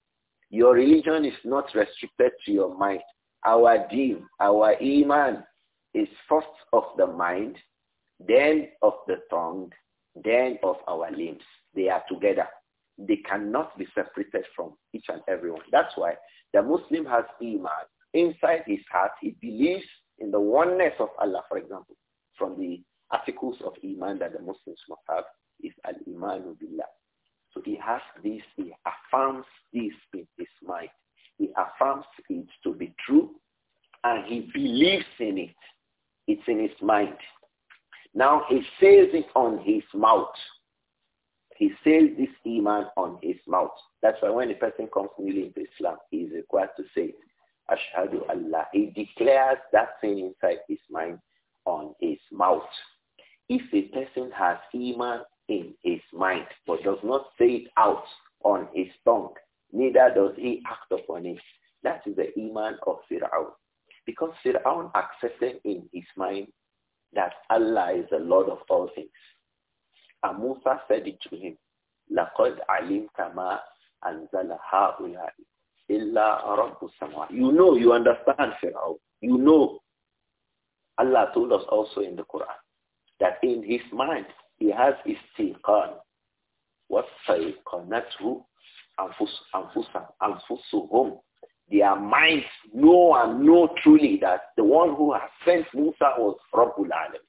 Your religion is not restricted to your mind. Our deen, our iman is first of the mind, then of the tongue, then of our limbs. They are together. They cannot be separated from each and every one. That's why the Muslim has iman. Inside his heart, he believes in the oneness of Allah, for example, from the articles of Iman that the Muslims must have is Al-Imanu Billah. So he has this, he affirms this in his mind. He affirms it to be true and he believes in it. It's in his mind. Now he says it on his mouth. He says this Iman on his mouth. That's why when a person comes newly into Islam, he is required to say it. Ashhadu Allah. He declares that thing inside his mind on his mouth. If a person has iman in his mind but does not say it out on his tongue, neither does he act upon it, that is the iman of Fir'aun. Because Fir'aun accepted in his mind that Allah is the Lord of all things. And Musa said it to him, لَقَدْ عَلِمْتَ مَا أَنْزَلَ هَؤُلَاءِ illa rabbu sama. You know, you understand, Pharaoh. You know. Allah told us also in the Quran that in his mind he has istiqan. وَالسَّيْقَنَتْهُ أَنفُسُهُمْ Their minds know and know truly that the one who has sent Musa was Rabbul Alam.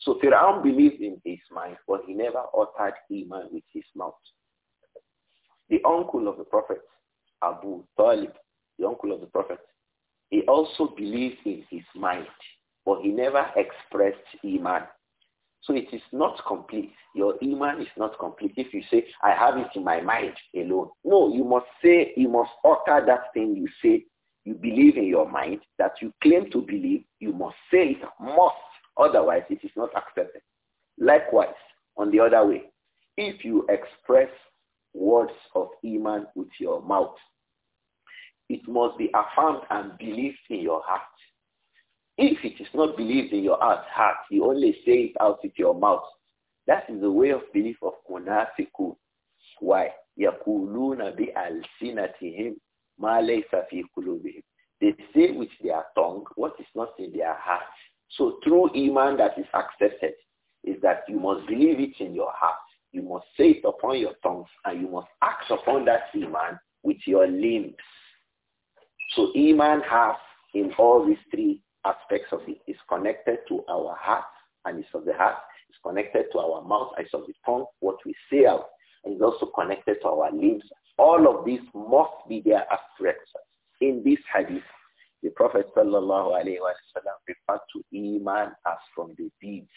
So Fir'aun believed in his mind, but he never uttered Iman with his mouth. The uncle of the prophet Abu Talib, the uncle of the Prophet, he also believed in his mind, but he never expressed Iman. So it is not complete. Your Iman is not complete if you say, I have it in my mind alone. No, you must say, you must utter that thing you say you believe in your mind, that you claim to believe, you must say it, must. Otherwise, it is not accepted. Likewise, on the other way, if you express words of Iman with your mouth, it must be affirmed and believed in your heart. If it is not believed in your heart, heart, you only say it out with your mouth. That is the way of belief of munafiqun. Why? They say with their tongue what is not in their heart. So true iman that is accepted is that you must believe it in your heart. You must say it upon your tongues and you must act upon that iman with your limbs. So Iman has in all these three aspects of it. It's connected to our heart and it's of the heart. It's connected to our mouth, it's of the tongue, what we say out. And it's also connected to our lips. All of these must be there as references. In this hadith, the Prophet sallallahu referred to Iman as from the deeds.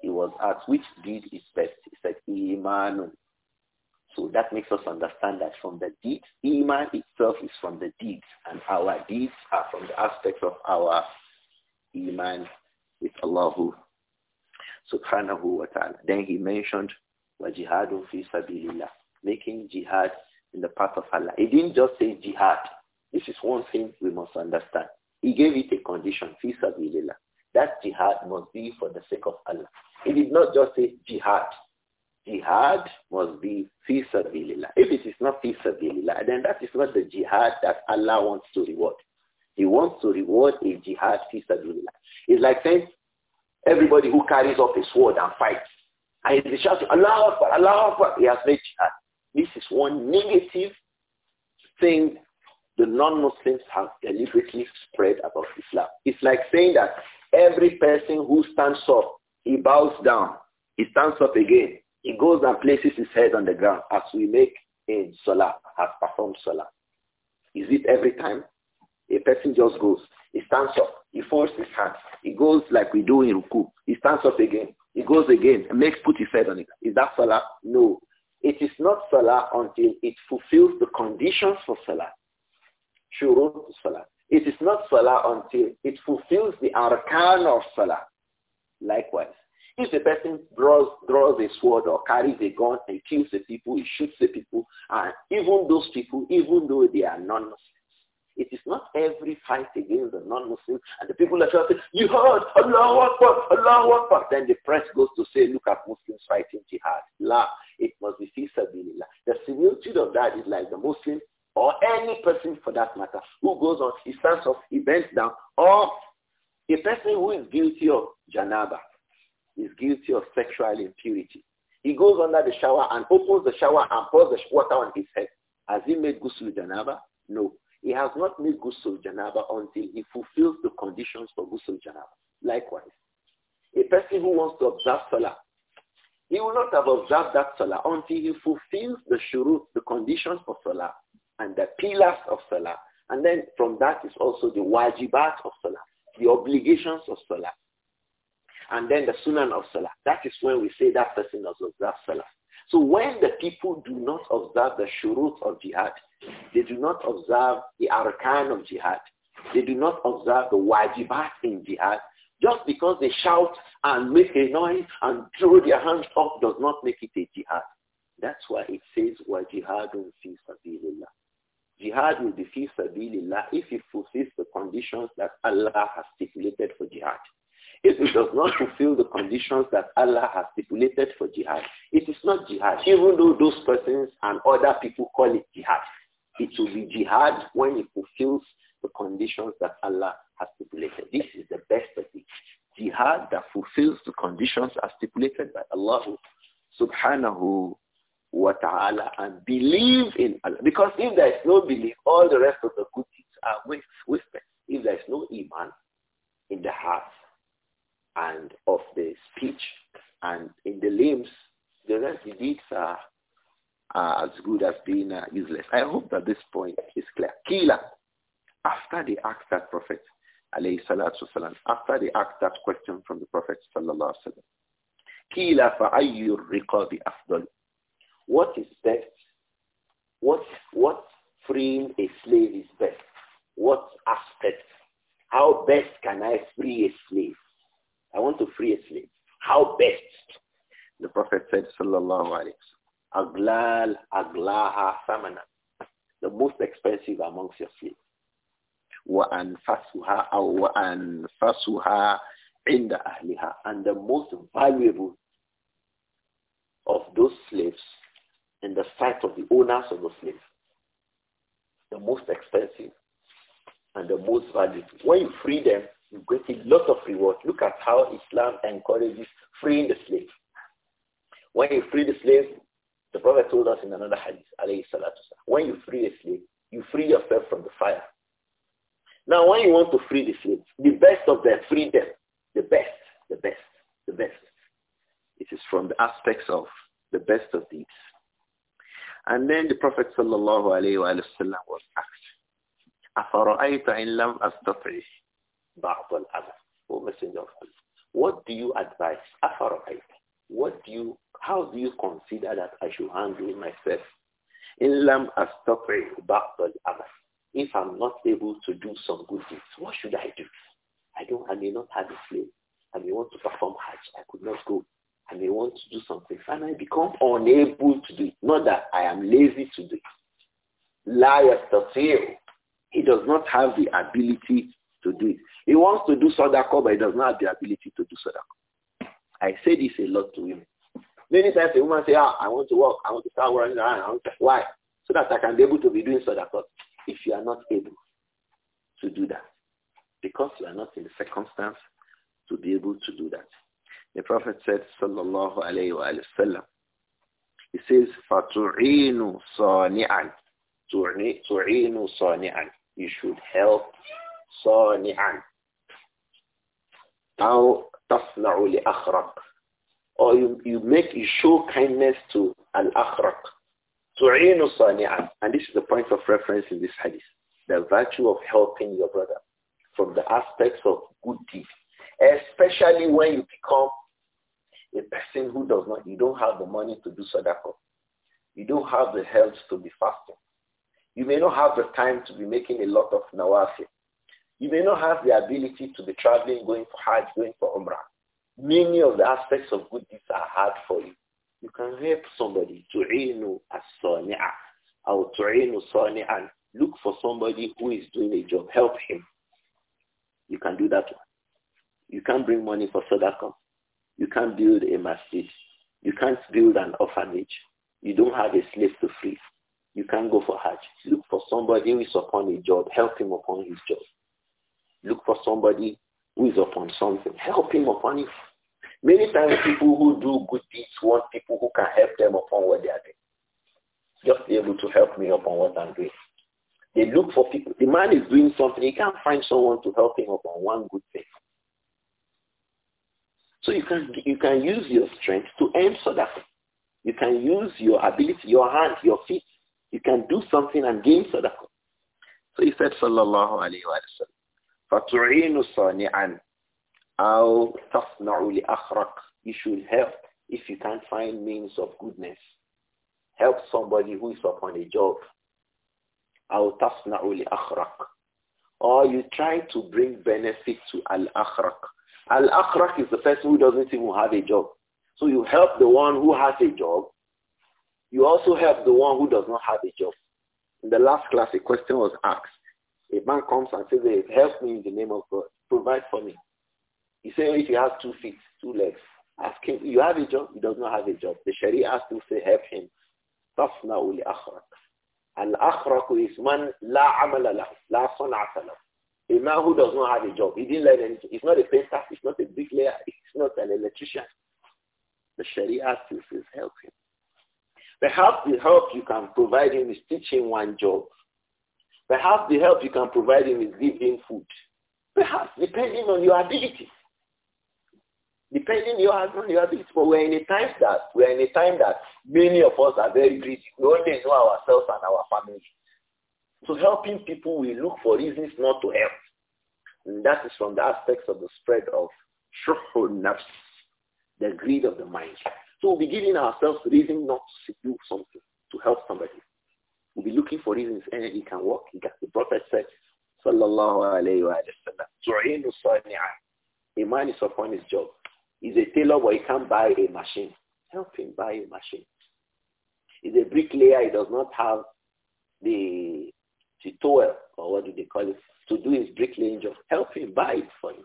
He was asked which deed is best. He said Iman. So that makes us understand that from the deeds, Iman is itself is from the deeds, and our deeds are from the aspects of our iman with Allah subhanahu wa ta'ala. Then he mentioned wa fi sabilillah, making jihad in the path of Allah. He didn't just say jihad. This is one thing we must understand. He gave it a condition, fi sabilillah. That jihad must be for the sake of Allah. He did not just say jihad jihad must be fi If it is not fi then that is not the jihad that Allah wants to reward. He wants to reward a jihad fi It's like saying everybody who carries up a sword and fights. And he shouts, Allah Akbar, Allah Akbar. He has made jihad. This is one negative thing the non-Muslims have deliberately spread about Islam. It's like saying that every person who stands up, he bows down. He stands up again. He goes and places his head on the ground as we make in Salah, as performed Salah. Is it every time? A person just goes. He stands up. He folds his hands. He goes like we do in Ruku. He stands up again. He goes again. And makes put his head on it. Is that Salah? No. It is not Salah until it fulfills the conditions for Salah. Shurut Salah. It is not Salah until it fulfills the arkan of Salah. Likewise, if the person draws, draws a sword or carries a gun and kills the people, he shoots the people, and even those people, even though they are non-Muslims, it is not every fight against the non-Muslim and the people that are shouting, you heard, Allah Akbar, Allah Akbar. Then the press goes to say, look at Muslims fighting jihad. La, it must be feasibilillah. The similitude of that is like the Muslim or any person for that matter who goes on, he stands up, he bends down, or a person who is guilty of janaba, is guilty of sexual impurity. He goes under the shower and opens the shower and pours the water on his head. Has he made ghusl janaba? No. He has not made ghusl janaba until he fulfills the conditions for ghusl janaba. Likewise, a person who wants to observe salah, he will not have observed that salah until he fulfills the shuru, the conditions for salah, and the pillars of salah. And then from that is also the wajibat of salah, the obligations of salah and then the sunan of salah. That is when we say that person does observe salah. So when the people do not observe the shurut of jihad, they do not observe the arkan of jihad, they do not observe the wajibat in jihad, just because they shout and make a noise and throw their hands up does not make it a jihad. That's why it says wa fi sabilillah. Jihad will be fi sabilillah if it fulfills the conditions that Allah has stipulated for jihad. If it does not fulfill the conditions that Allah has stipulated for jihad, it is not jihad, even though those persons and other people call it jihad. It will be jihad when it fulfills the conditions that Allah has stipulated. This is the best of it. Jihad that fulfills the conditions as stipulated by Allah subhanahu wa ta'ala and believe in Allah. Because if there is no belief, all the rest of the good things are wasted. If there is no iman in the heart, and of the speech and in the limbs, the rest the deeds are, are as good as being uh, useless. I hope that this point is clear. Kila, after they asked that prophet, alayhi salatu wasalam, after they asked that question from the prophet, sallallahu alaihi wasallam, Kila fa'ayyur afdal. What is best? What, what freeing a slave is best? What aspect? How best can I free a slave? I want to free a slave. How best? The Prophet said, Sallallahu Alaihi Wasallam, Aglal aglaha samana. The most expensive amongst your slaves. وأنفسها fasuha in عند أهلها and the most valuable of those slaves in the sight of the owners of the slaves the most expensive and the most valuable when you free them you get a lot of reward. Look at how Islam encourages freeing the slave. When you free the slave, the Prophet told us in another hadith, alayhi salatu when you free a slave, you free yourself from the fire. Now, when you want to free the slaves, the best of them, free them. The best, the best, the best. It is from the aspects of the best of deeds. And then the Prophet sallallahu alayhi wa was asked, أَفَرَأَيْتَ إِنْ لَمْ أَسْتَطْعِهِ بعض الأمر O Messenger of Allah. What do you advise? Afarayt. What do you, how do you consider that I should handle myself? In lam astati ba'd If I'm not able to do some good deeds, what should I do? I don't, I may not have a slave. I may want to perform Hajj. I could not go. I may want to do something. And I become unable to do it. Not that I am lazy to do it. La yastati'u. He does not have the ability to do it. He wants to do sadaqah, but he does not have the ability to do sadaqah. I say this a lot to women. Many times a woman say, ah, I want to work, I want to start running around, ah, I want to, why? So that I can be able to be doing sadaqah. If you are not able to do that, because you are not in the circumstance to be able to do that. The Prophet said, sallallahu alayhi wa sallam, he says, فَتُعِينُ صَانِعًا تُعِينُ صَانِعًا You should help صانعا أو تصنع لأخرق or you, you make you show kindness to al-akhraq and this is the point of reference in this hadith the virtue of helping your brother from the aspects of good deeds especially when you become a person who does not you don't have the money to do sadaqah you don't have the health to be fasting you may not have the time to be making a lot of nawafil you may not have the ability to be traveling, going for Hajj, going for Umrah. Many of the aspects of good deeds are hard for you. You can help somebody to inu as-sani'a or to inu sani'an. Look for somebody who is doing a job. Help him. You can do that one. You can bring money for sadaqah. You can not build a masjid. You can't build an orphanage. You don't have a slave to free. You can't go for Hajj. Look for somebody who is upon a job. Help him upon his job. Look for somebody who is upon something. Help him upon it. Many times people who do good deeds want people who can help them upon what they are doing. Just be able to help me upon what I'm doing. They look for people. The man is doing something. He can't find someone to help him upon one good thing. So you can, you can use your strength to aim so that you can use your ability, your hand, your feet. You can do something and gain sadaqah. So he said, sallallahu alayhi wa sallam, فَتُعِينُ صَانِعًا أَوْ تَصْنَعُ لِأَخْرَكَ You should help if you can't find means of goodness. Help somebody who is upon a job. أَوْ تَصْنَعُ لِأَخْرَكَ Or you try to bring benefit to al-akhraq. al is the person who doesn't even have a job. So you help the one who has a job. You also help the one who does not have a job. In the last class, a question was asked a man comes and says, hey, help me in the name of God. Provide for me. He says, if you have two feet, two legs, ask him, you have a job? He does not have a job. The Sharia has to say, help him. Al لأخرك is man la عمل la, لا صنعة a man who does not have a job he didn't learn anything he's not a painter he's not a bricklayer he's not an electrician the Sharia still says help him perhaps the help you can provide him is teaching one job Perhaps the help you can provide him is giving food. Perhaps depending on your ability. Depending on your ability. But we're in a time that we're in a time that many of us are very greedy. We only know ourselves and our families. So helping people we look for reasons not to help. And that is from the aspects of the spread of shuhul nafs, the greed of the mind. So we'll be giving ourselves reason not to do something, to help somebody. We'll be looking for reasons and eh, he can walk. He can. The Prophet said, Sallallahu alayhi A man is upon his job. He's a tailor but he can't buy a machine. Help him buy a machine. He's a bricklayer. He does not have the, the or what do they call it to do his bricklaying job. Help him buy it for him.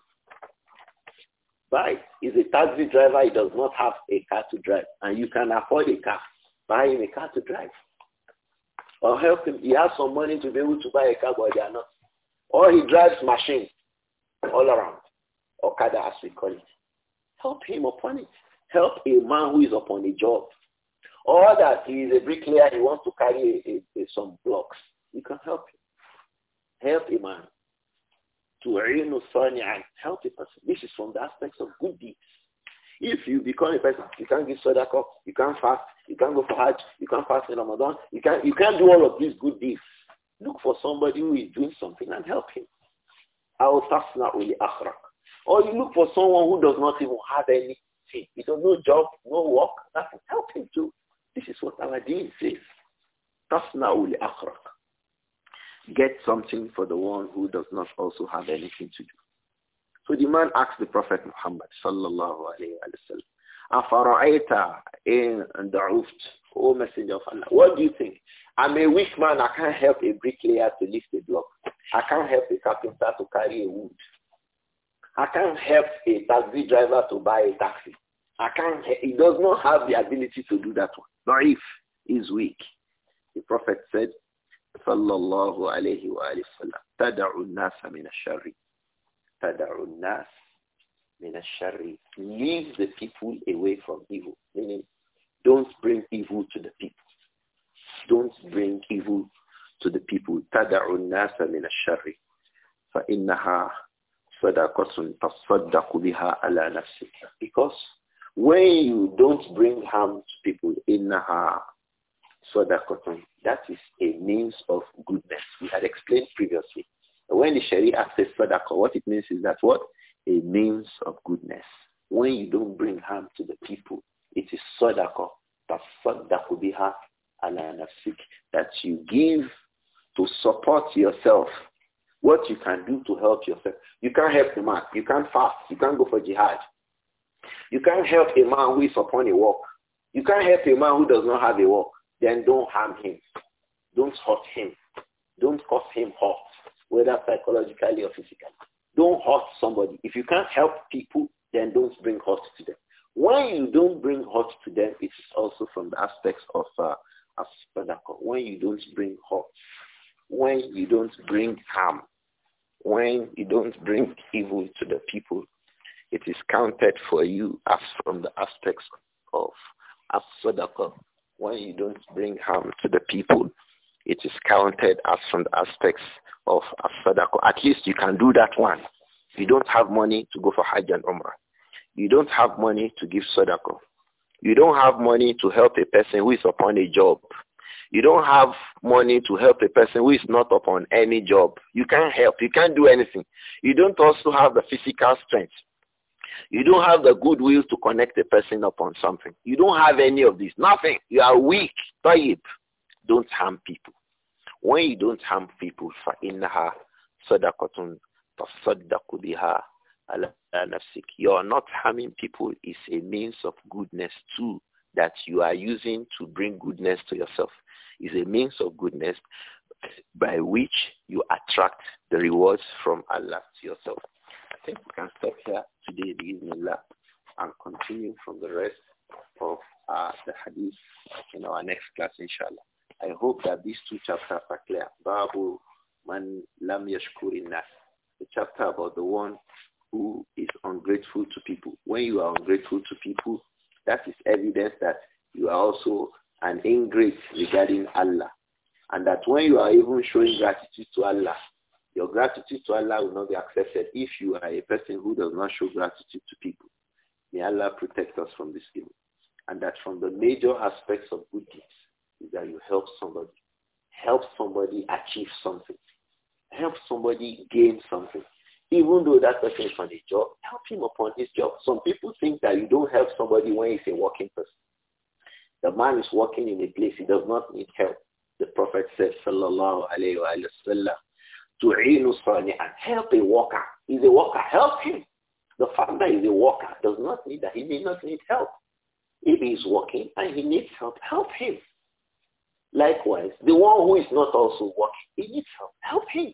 Buy He's a taxi driver. He does not have a car to drive. And you can afford a car. Buy him a car to drive or help him. He has some money to be able to buy a car, but they are not. Or he drives machines all around, or kada as we call it. Help him upon it. Help a man who is upon a job. Or that he is a bricklayer, he wants to carry a, a, a, some blocks. You can help him. Help a man. To help a person. This is from the aspects of good deeds. If you become a person, you can't give sadaqah, you can't fast, you can't go for Hajj, you can't fast in Ramadan, you can't, you can't do all of these good deeds. Look for somebody who is doing something and help him. Or you look for someone who does not even have anything. He does no job, no work. That will help him too. This is what our deen says. Get something for the one who does not also have anything to do. So the man asked the Prophet Muhammad sallallahu alayhi wa sallam, أَفَرَأَيْتَ إِنْ دَعُفْتُ O Messenger of Allah, what do you think? I'm a weak man. I can't help a bricklayer to lift a block. I can't help a carpenter to carry a wood. I can't help a taxi driver to buy a taxi. I can't. He does not have the ability to do that one. if he's weak. The Prophet said, sallallahu alayhi wa sallam, تَدَعُ النَّاسَ مِنَ الشَّرِّ تَدَعُ النَّاسِ مِنَ الشَّرِّ Leave the people away from evil. Meaning, don't bring evil to the people. Don't bring evil to the people. تَدَعُ النَّاسَ مِنَ الشَّرِّ innaha, صَدَقَةٌ تَصَّدَّقُ بِهَا عَلَى Because when you don't bring harm to people, innaha صَدَقَةٌ That is a means of goodness. We had explained previously when the Sharia says sadaqah, what it means is that what? A means of goodness. When you don't bring harm to the people, it is sadaqah. That sadaqah biha ala nafsik. That you give to support yourself. What you can do to help yourself. You can't help the man. You can't fast. You can't go for jihad. You can't help a man who is upon a walk. You can't help a man who does not have a walk. Then don't harm him. Don't hurt him. Don't cause him hurt whether psychologically or physically. Don't hurt somebody. If you can't help people, then don't bring hurt to them. When you don't bring hurt to them, it's also from the aspects of uh, When you don't bring hurt, when you don't bring harm, when you don't bring evil to the people, it is counted for you as from the aspects of as when you don't bring harm to the people, it is counted as from the aspects of As-Sadaqah. At least you can do that one. You don't have money to go for Hajj and Umrah. You don't have money to give Sadaqah. You don't have money to help a person who is upon a job. You don't have money to help a person who is not upon any job. You can't help. You can't do anything. You don't also have the physical strength. You don't have the goodwill to connect a person upon something. You don't have any of this. Nothing. You are weak. Tayyib. Don't harm people. When you don't harm people, فَإِنَّهَا صَدَقَةٌ تَصَدَّقُ بِهَا عَلَى نَفْسِكِ are not harming people is a means of goodness too that you are using to bring goodness to yourself. Is a means of goodness by which you attract the rewards from Allah to yourself. I think we can stop here today, Bismillah, and continue from the rest of uh, the hadith in our next class, inshallah. I hope that these two chapters are clear. Babu Man Lam Yashkurin The chapter about the one who is ungrateful to people. When you are ungrateful to people, that is evidence that you are also an ingrate regarding Allah. And that when you are even showing gratitude to Allah, your gratitude to Allah will not be accepted if you are a person who does not show gratitude to people. May Allah protect us from this evil. And that from the major aspects of good deeds is that you help somebody. Help somebody achieve something. Help somebody gain something. Even though that person is on a job, help him upon his job. Some people think that you don't help somebody when he's a working person. The man is working in a place, he does not need help. The Prophet said, Sallallahu Alaihi Wasallam, to help a worker. He's a worker, help him. The father is a worker, does not need that. He need not need help. If he is working and he needs help, help him. Likewise, the one who is not also working, he needs help. Help him.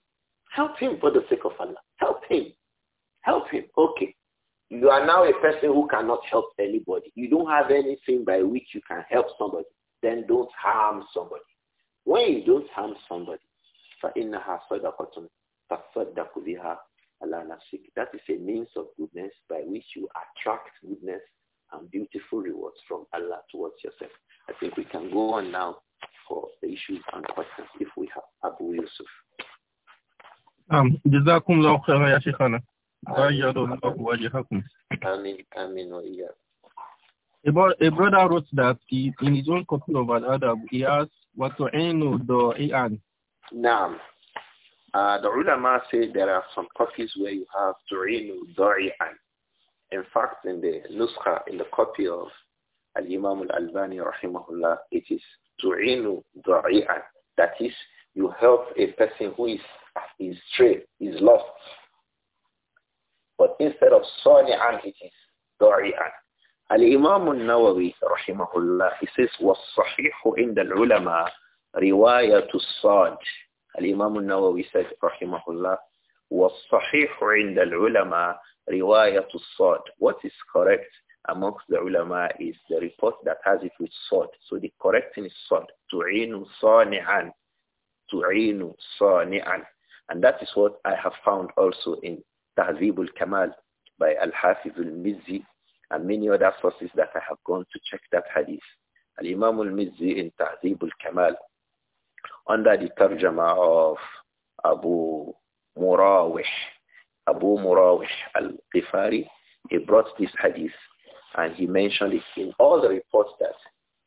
Help him for the sake of Allah. Help him. Help him. Okay. You are now a person who cannot help anybody. You don't have anything by which you can help somebody. Then don't harm somebody. When you don't harm somebody, That is a means of goodness by which you attract goodness and beautiful rewards from Allah towards yourself. I think we can go on now for the issues and questions if we have Abu Yusuf. Um, جزاكم الله خيرا يا شيخنا غير الله وجهكم آمين آمين وإياك a brother wrote that he, in his own copy of Al-Adab, he asked, what وَتُعِينُ دُعِيًا Naam. Uh, the ulama say there are some copies where you have تُعِينُ دُعِيًا. In fact, in the nuskha, in the copy of Al-Imam Al-Albani, rahimahullah, it is tu'inu da'i'an. That is, you help a person who is, is strayed, is lost. But instead of sani'an, it is da'i'an. الإمام النووي رحمه الله he says والصحيح عند العلماء رواية الصاد al-Nawawi says رحمه الله والصحيح عند العلماء رواية الصاد what is correct amongst the ulama is the report that has it with So the correct thing is sword. Tu'inu sani'an. Tu'inu sani'an. And that is what I have found also in Tahzib al-Kamal by Al-Hafiz al-Mizzi and many other sources that I have gone to check that hadith. Al-Imam al-Mizzi in Tahzib al-Kamal under the tarjama of Abu Murawih, Abu Murawih al-Qifari, he brought this hadith and he mentioned it in all the reports that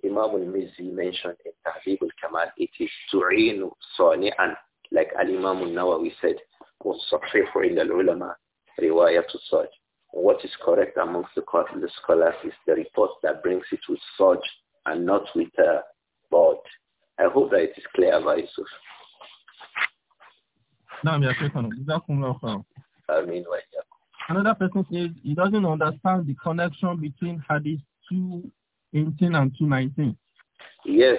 Imam al-Mizzi mentioned in Tahdib al-Kamal. It is Sāni, and like Al-Imam al-Nawawi said, Musafifu in al-Ulama, to Saj. What is correct amongst the scholars is the report that brings it with Saj and not with a. Uh, Bod. I hope that it is clear, Abba Yusuf. نعم يا Another person says he doesn't understand the connection between Hadith 218 and 219. Yes,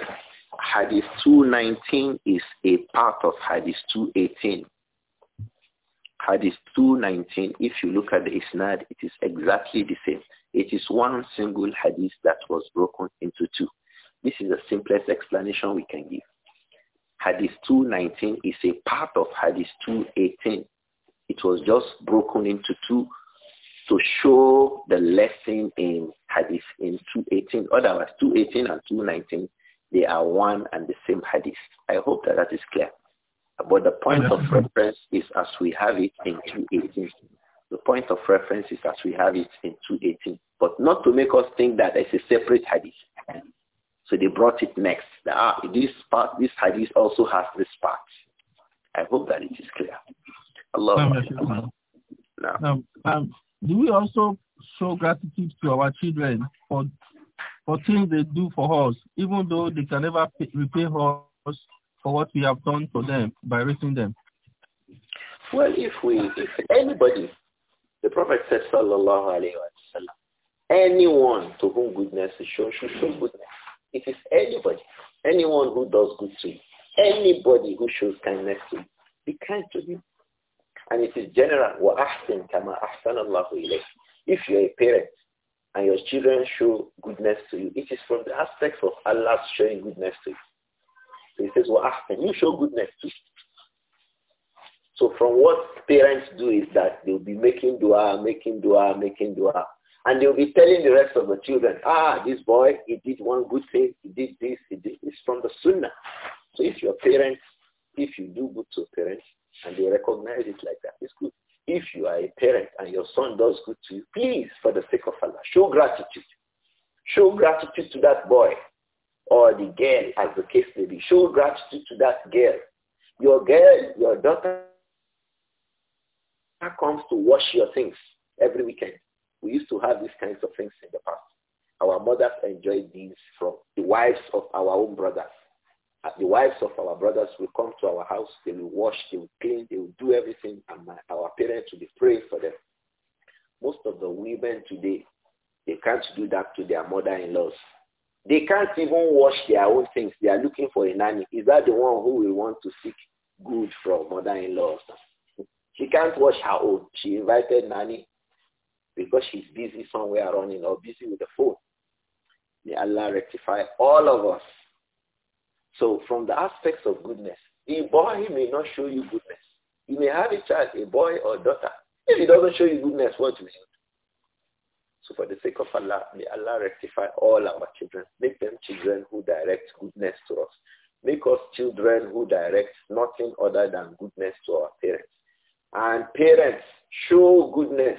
Hadith 219 is a part of Hadith 218. Hadith 219, if you look at the Isnad, it is exactly the same. It is one single Hadith that was broken into two. This is the simplest explanation we can give. Hadith 219 is a part of Hadith 218. It was just broken into two to show the lesson in hadith in 218. Otherwise, 218 and 219, they are one and the same hadith. I hope that that is clear. But the point of reference is as we have it in 218. The point of reference is as we have it in 218. But not to make us think that it's a separate hadith. So they brought it next. Ah, this part, this hadith also has this part. I hope that it is clear love No. um, do we also show gratitude to our children for for things they do for us, even though they can never pay, repay us for what we have done for them by raising them? Well, if we, if anybody, the Prophet said, sallallahu alayhi wa sallam, anyone to whom goodness is shown should show goodness. It is anybody, anyone who does good to you, anybody who shows kindness to you, be kind to him. And it is general. وَأَحْسِنْ كَمَا أَحْسَنَ اللَّهُ إِلَيْكَ If you are a parent and your children show goodness to you, it is from the aspect of Allah's showing goodness to you. So he says, وَأَحْسِنْ You show goodness too. So from what parents do is that they'll be making dua, making dua, making dua. And they'll be telling the rest of the children, ah, this boy, he did one good thing, he did this, he did this. It's from the sunnah. So if your parents, if you do good to parents, and they recognize it like that. It's good. If you are a parent and your son does good to you, please, for the sake of Allah, show gratitude. Show gratitude to that boy or the girl, as the case may be. Show gratitude to that girl. Your girl, your daughter comes to wash your things every weekend. We used to have these kinds of things in the past. Our mothers enjoyed these from the wives of our own brothers. Uh, the wives of our brothers will come to our house, they will wash, they will clean, they will do everything, and my, our parents will be praying for them. Most of the women today, they can't do that to their mother-in-laws. They can't even wash their own things. They are looking for a nanny. Is that the one who will want to seek good from mother-in-laws? She can't wash her own. She invited nanny because she's busy somewhere running or busy with the phone. May Allah rectify all of us so from the aspects of goodness, a boy may not show you goodness. You may have a child, a boy or daughter. If he doesn't show you goodness, what will you do? So for the sake of Allah, may Allah rectify all our children. Make them children who direct goodness to us. Make us children who direct nothing other than goodness to our parents. And parents, show goodness.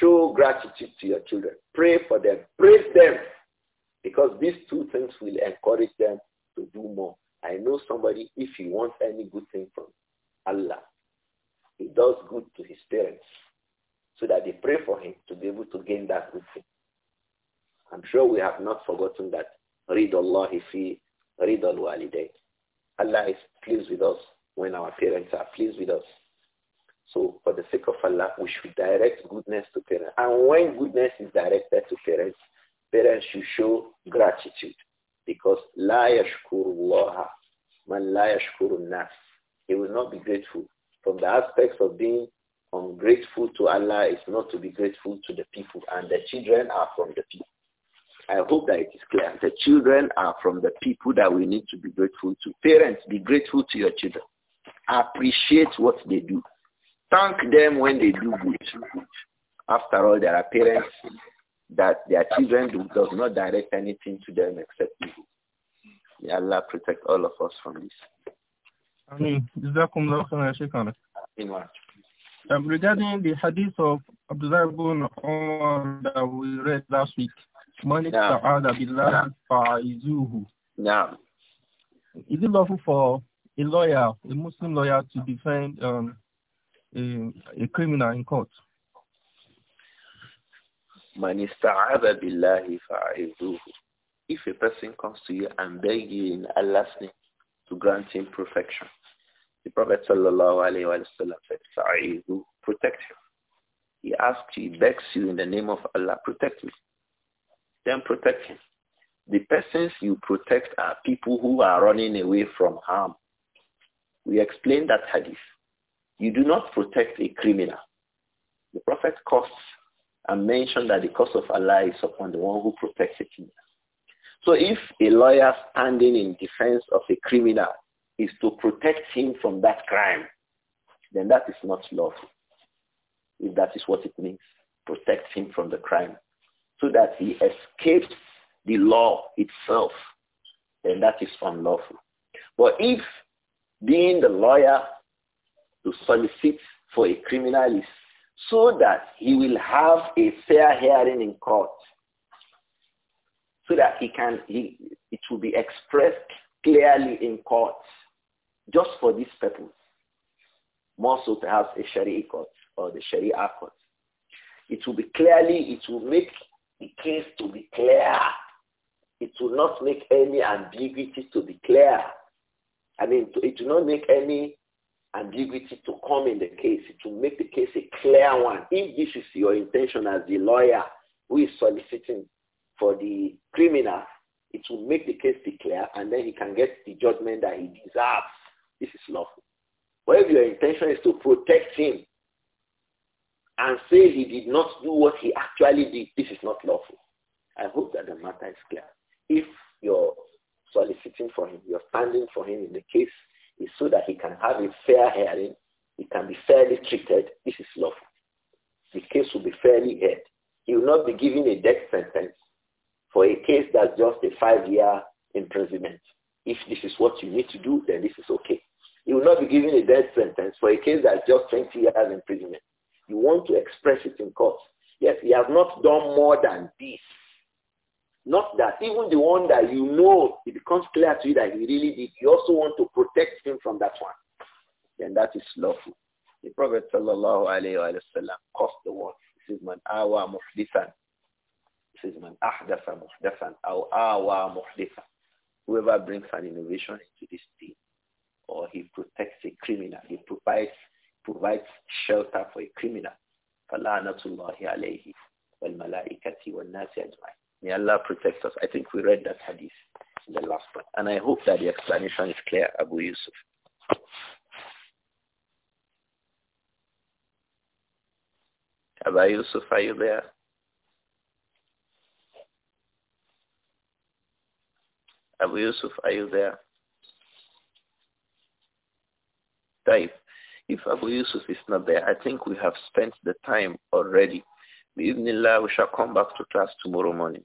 Show gratitude to your children. Pray for them. Praise them. Because these two things will encourage them to do more. I know somebody, if he wants any good thing from Allah, he does good to his parents so that they pray for him to be able to gain that good thing. I'm sure we have not forgotten that. Read Allah fi read al walidain. Allah is pleased with us when our parents are pleased with us. So for the sake of Allah, we should direct goodness to parents. And when goodness is directed to parents, parents should show gratitude. Because la yashkurullah man la yashkurun nas. He will not be grateful. From the aspects of being ungrateful to Allah is not to be grateful to the people. And the children are from the people. I hope that it is clear. The children are from the people that we need to be grateful to. Parents, be grateful to your children. Appreciate what they do. Thank them when they do good. After all, there are parents that their children do, does not direct anything to them except evil. May Allah protect all of us from this. I mean, um, regarding the hadith of Abdullah ibn Umar that we read last week, Malik Fa'izuhu. Now, is it lawful for a lawyer, a Muslim lawyer, to defend um, a, a criminal in court? Man billahi If a person comes to you and beg you in Allah's name to grant him perfection, the Prophet sallallahu alaihi wasallam sallam said, protect him. He asks you, begs you in the name of Allah, protect me. Then protect him. The persons you protect are people who are running away from harm. We explained that hadith. You do not protect a criminal. The Prophet costs and mentioned that the cost of Allah is upon the one who protects it. kingdom. So if a lawyer standing in defense of a criminal is to protect him from that crime, then that is not lawful, if that is what it means, protect him from the crime, so that he escapes the law itself, then that is unlawful. But if being the lawyer to solicit for a criminal is so that he will have a fair hearing in court, so that he can, he, it will be expressed clearly in court, just for this purpose. More so perhaps a Sharia court or the Sharia court. It will be clearly, it will make the case to be clear. It will not make any ambiguity to be clear. I mean, it will not make any ambiguity to come in the case, to make the case a clear one. If this is your intention as the lawyer who is soliciting for the criminal, it will make the case be clear and then he can get the judgment that he deserves. This is lawful. But if your intention is to protect him and say he did not do what he actually did, this is not lawful. I hope that the matter is clear. If you're soliciting for him, you're standing for him in the case, is so that he can have a fair hearing, he can be fairly treated. This is lawful. The case will be fairly heard. He will not be given a death sentence for a case that's just a five-year imprisonment. If this is what you need to do, then this is okay. He will not be given a death sentence for a case that's just 20 years imprisonment. You want to express it in court. Yes, he has not done more than this. Not that even the one that you know, it becomes clear to you that he really did. You also want to protect him from that one. Then that is lawful. The Prophet sallallahu alayhi wa sallam cursed the one. This is man awa muhdithan. This is man ahdasa muhdithan. Aw awa muhdithan. Whoever brings an innovation into this thing, or he protects a criminal, he provides provides shelter for a criminal. فَلَعْنَةُ اللَّهِ عَلَيْهِ وَالْمَلَائِكَةِ وَالنَّاسِ أَجْمَعِينَ May Allah protect us. I think we read that hadith in the last part, And I hope that the explanation is clear, Abu Yusuf. Abu Yusuf, are you there? Abu Yusuf, are you there? Taib. If Abu Yusuf is not there, I think we have spent the time already. Bismillah, we shall come back to class tomorrow morning.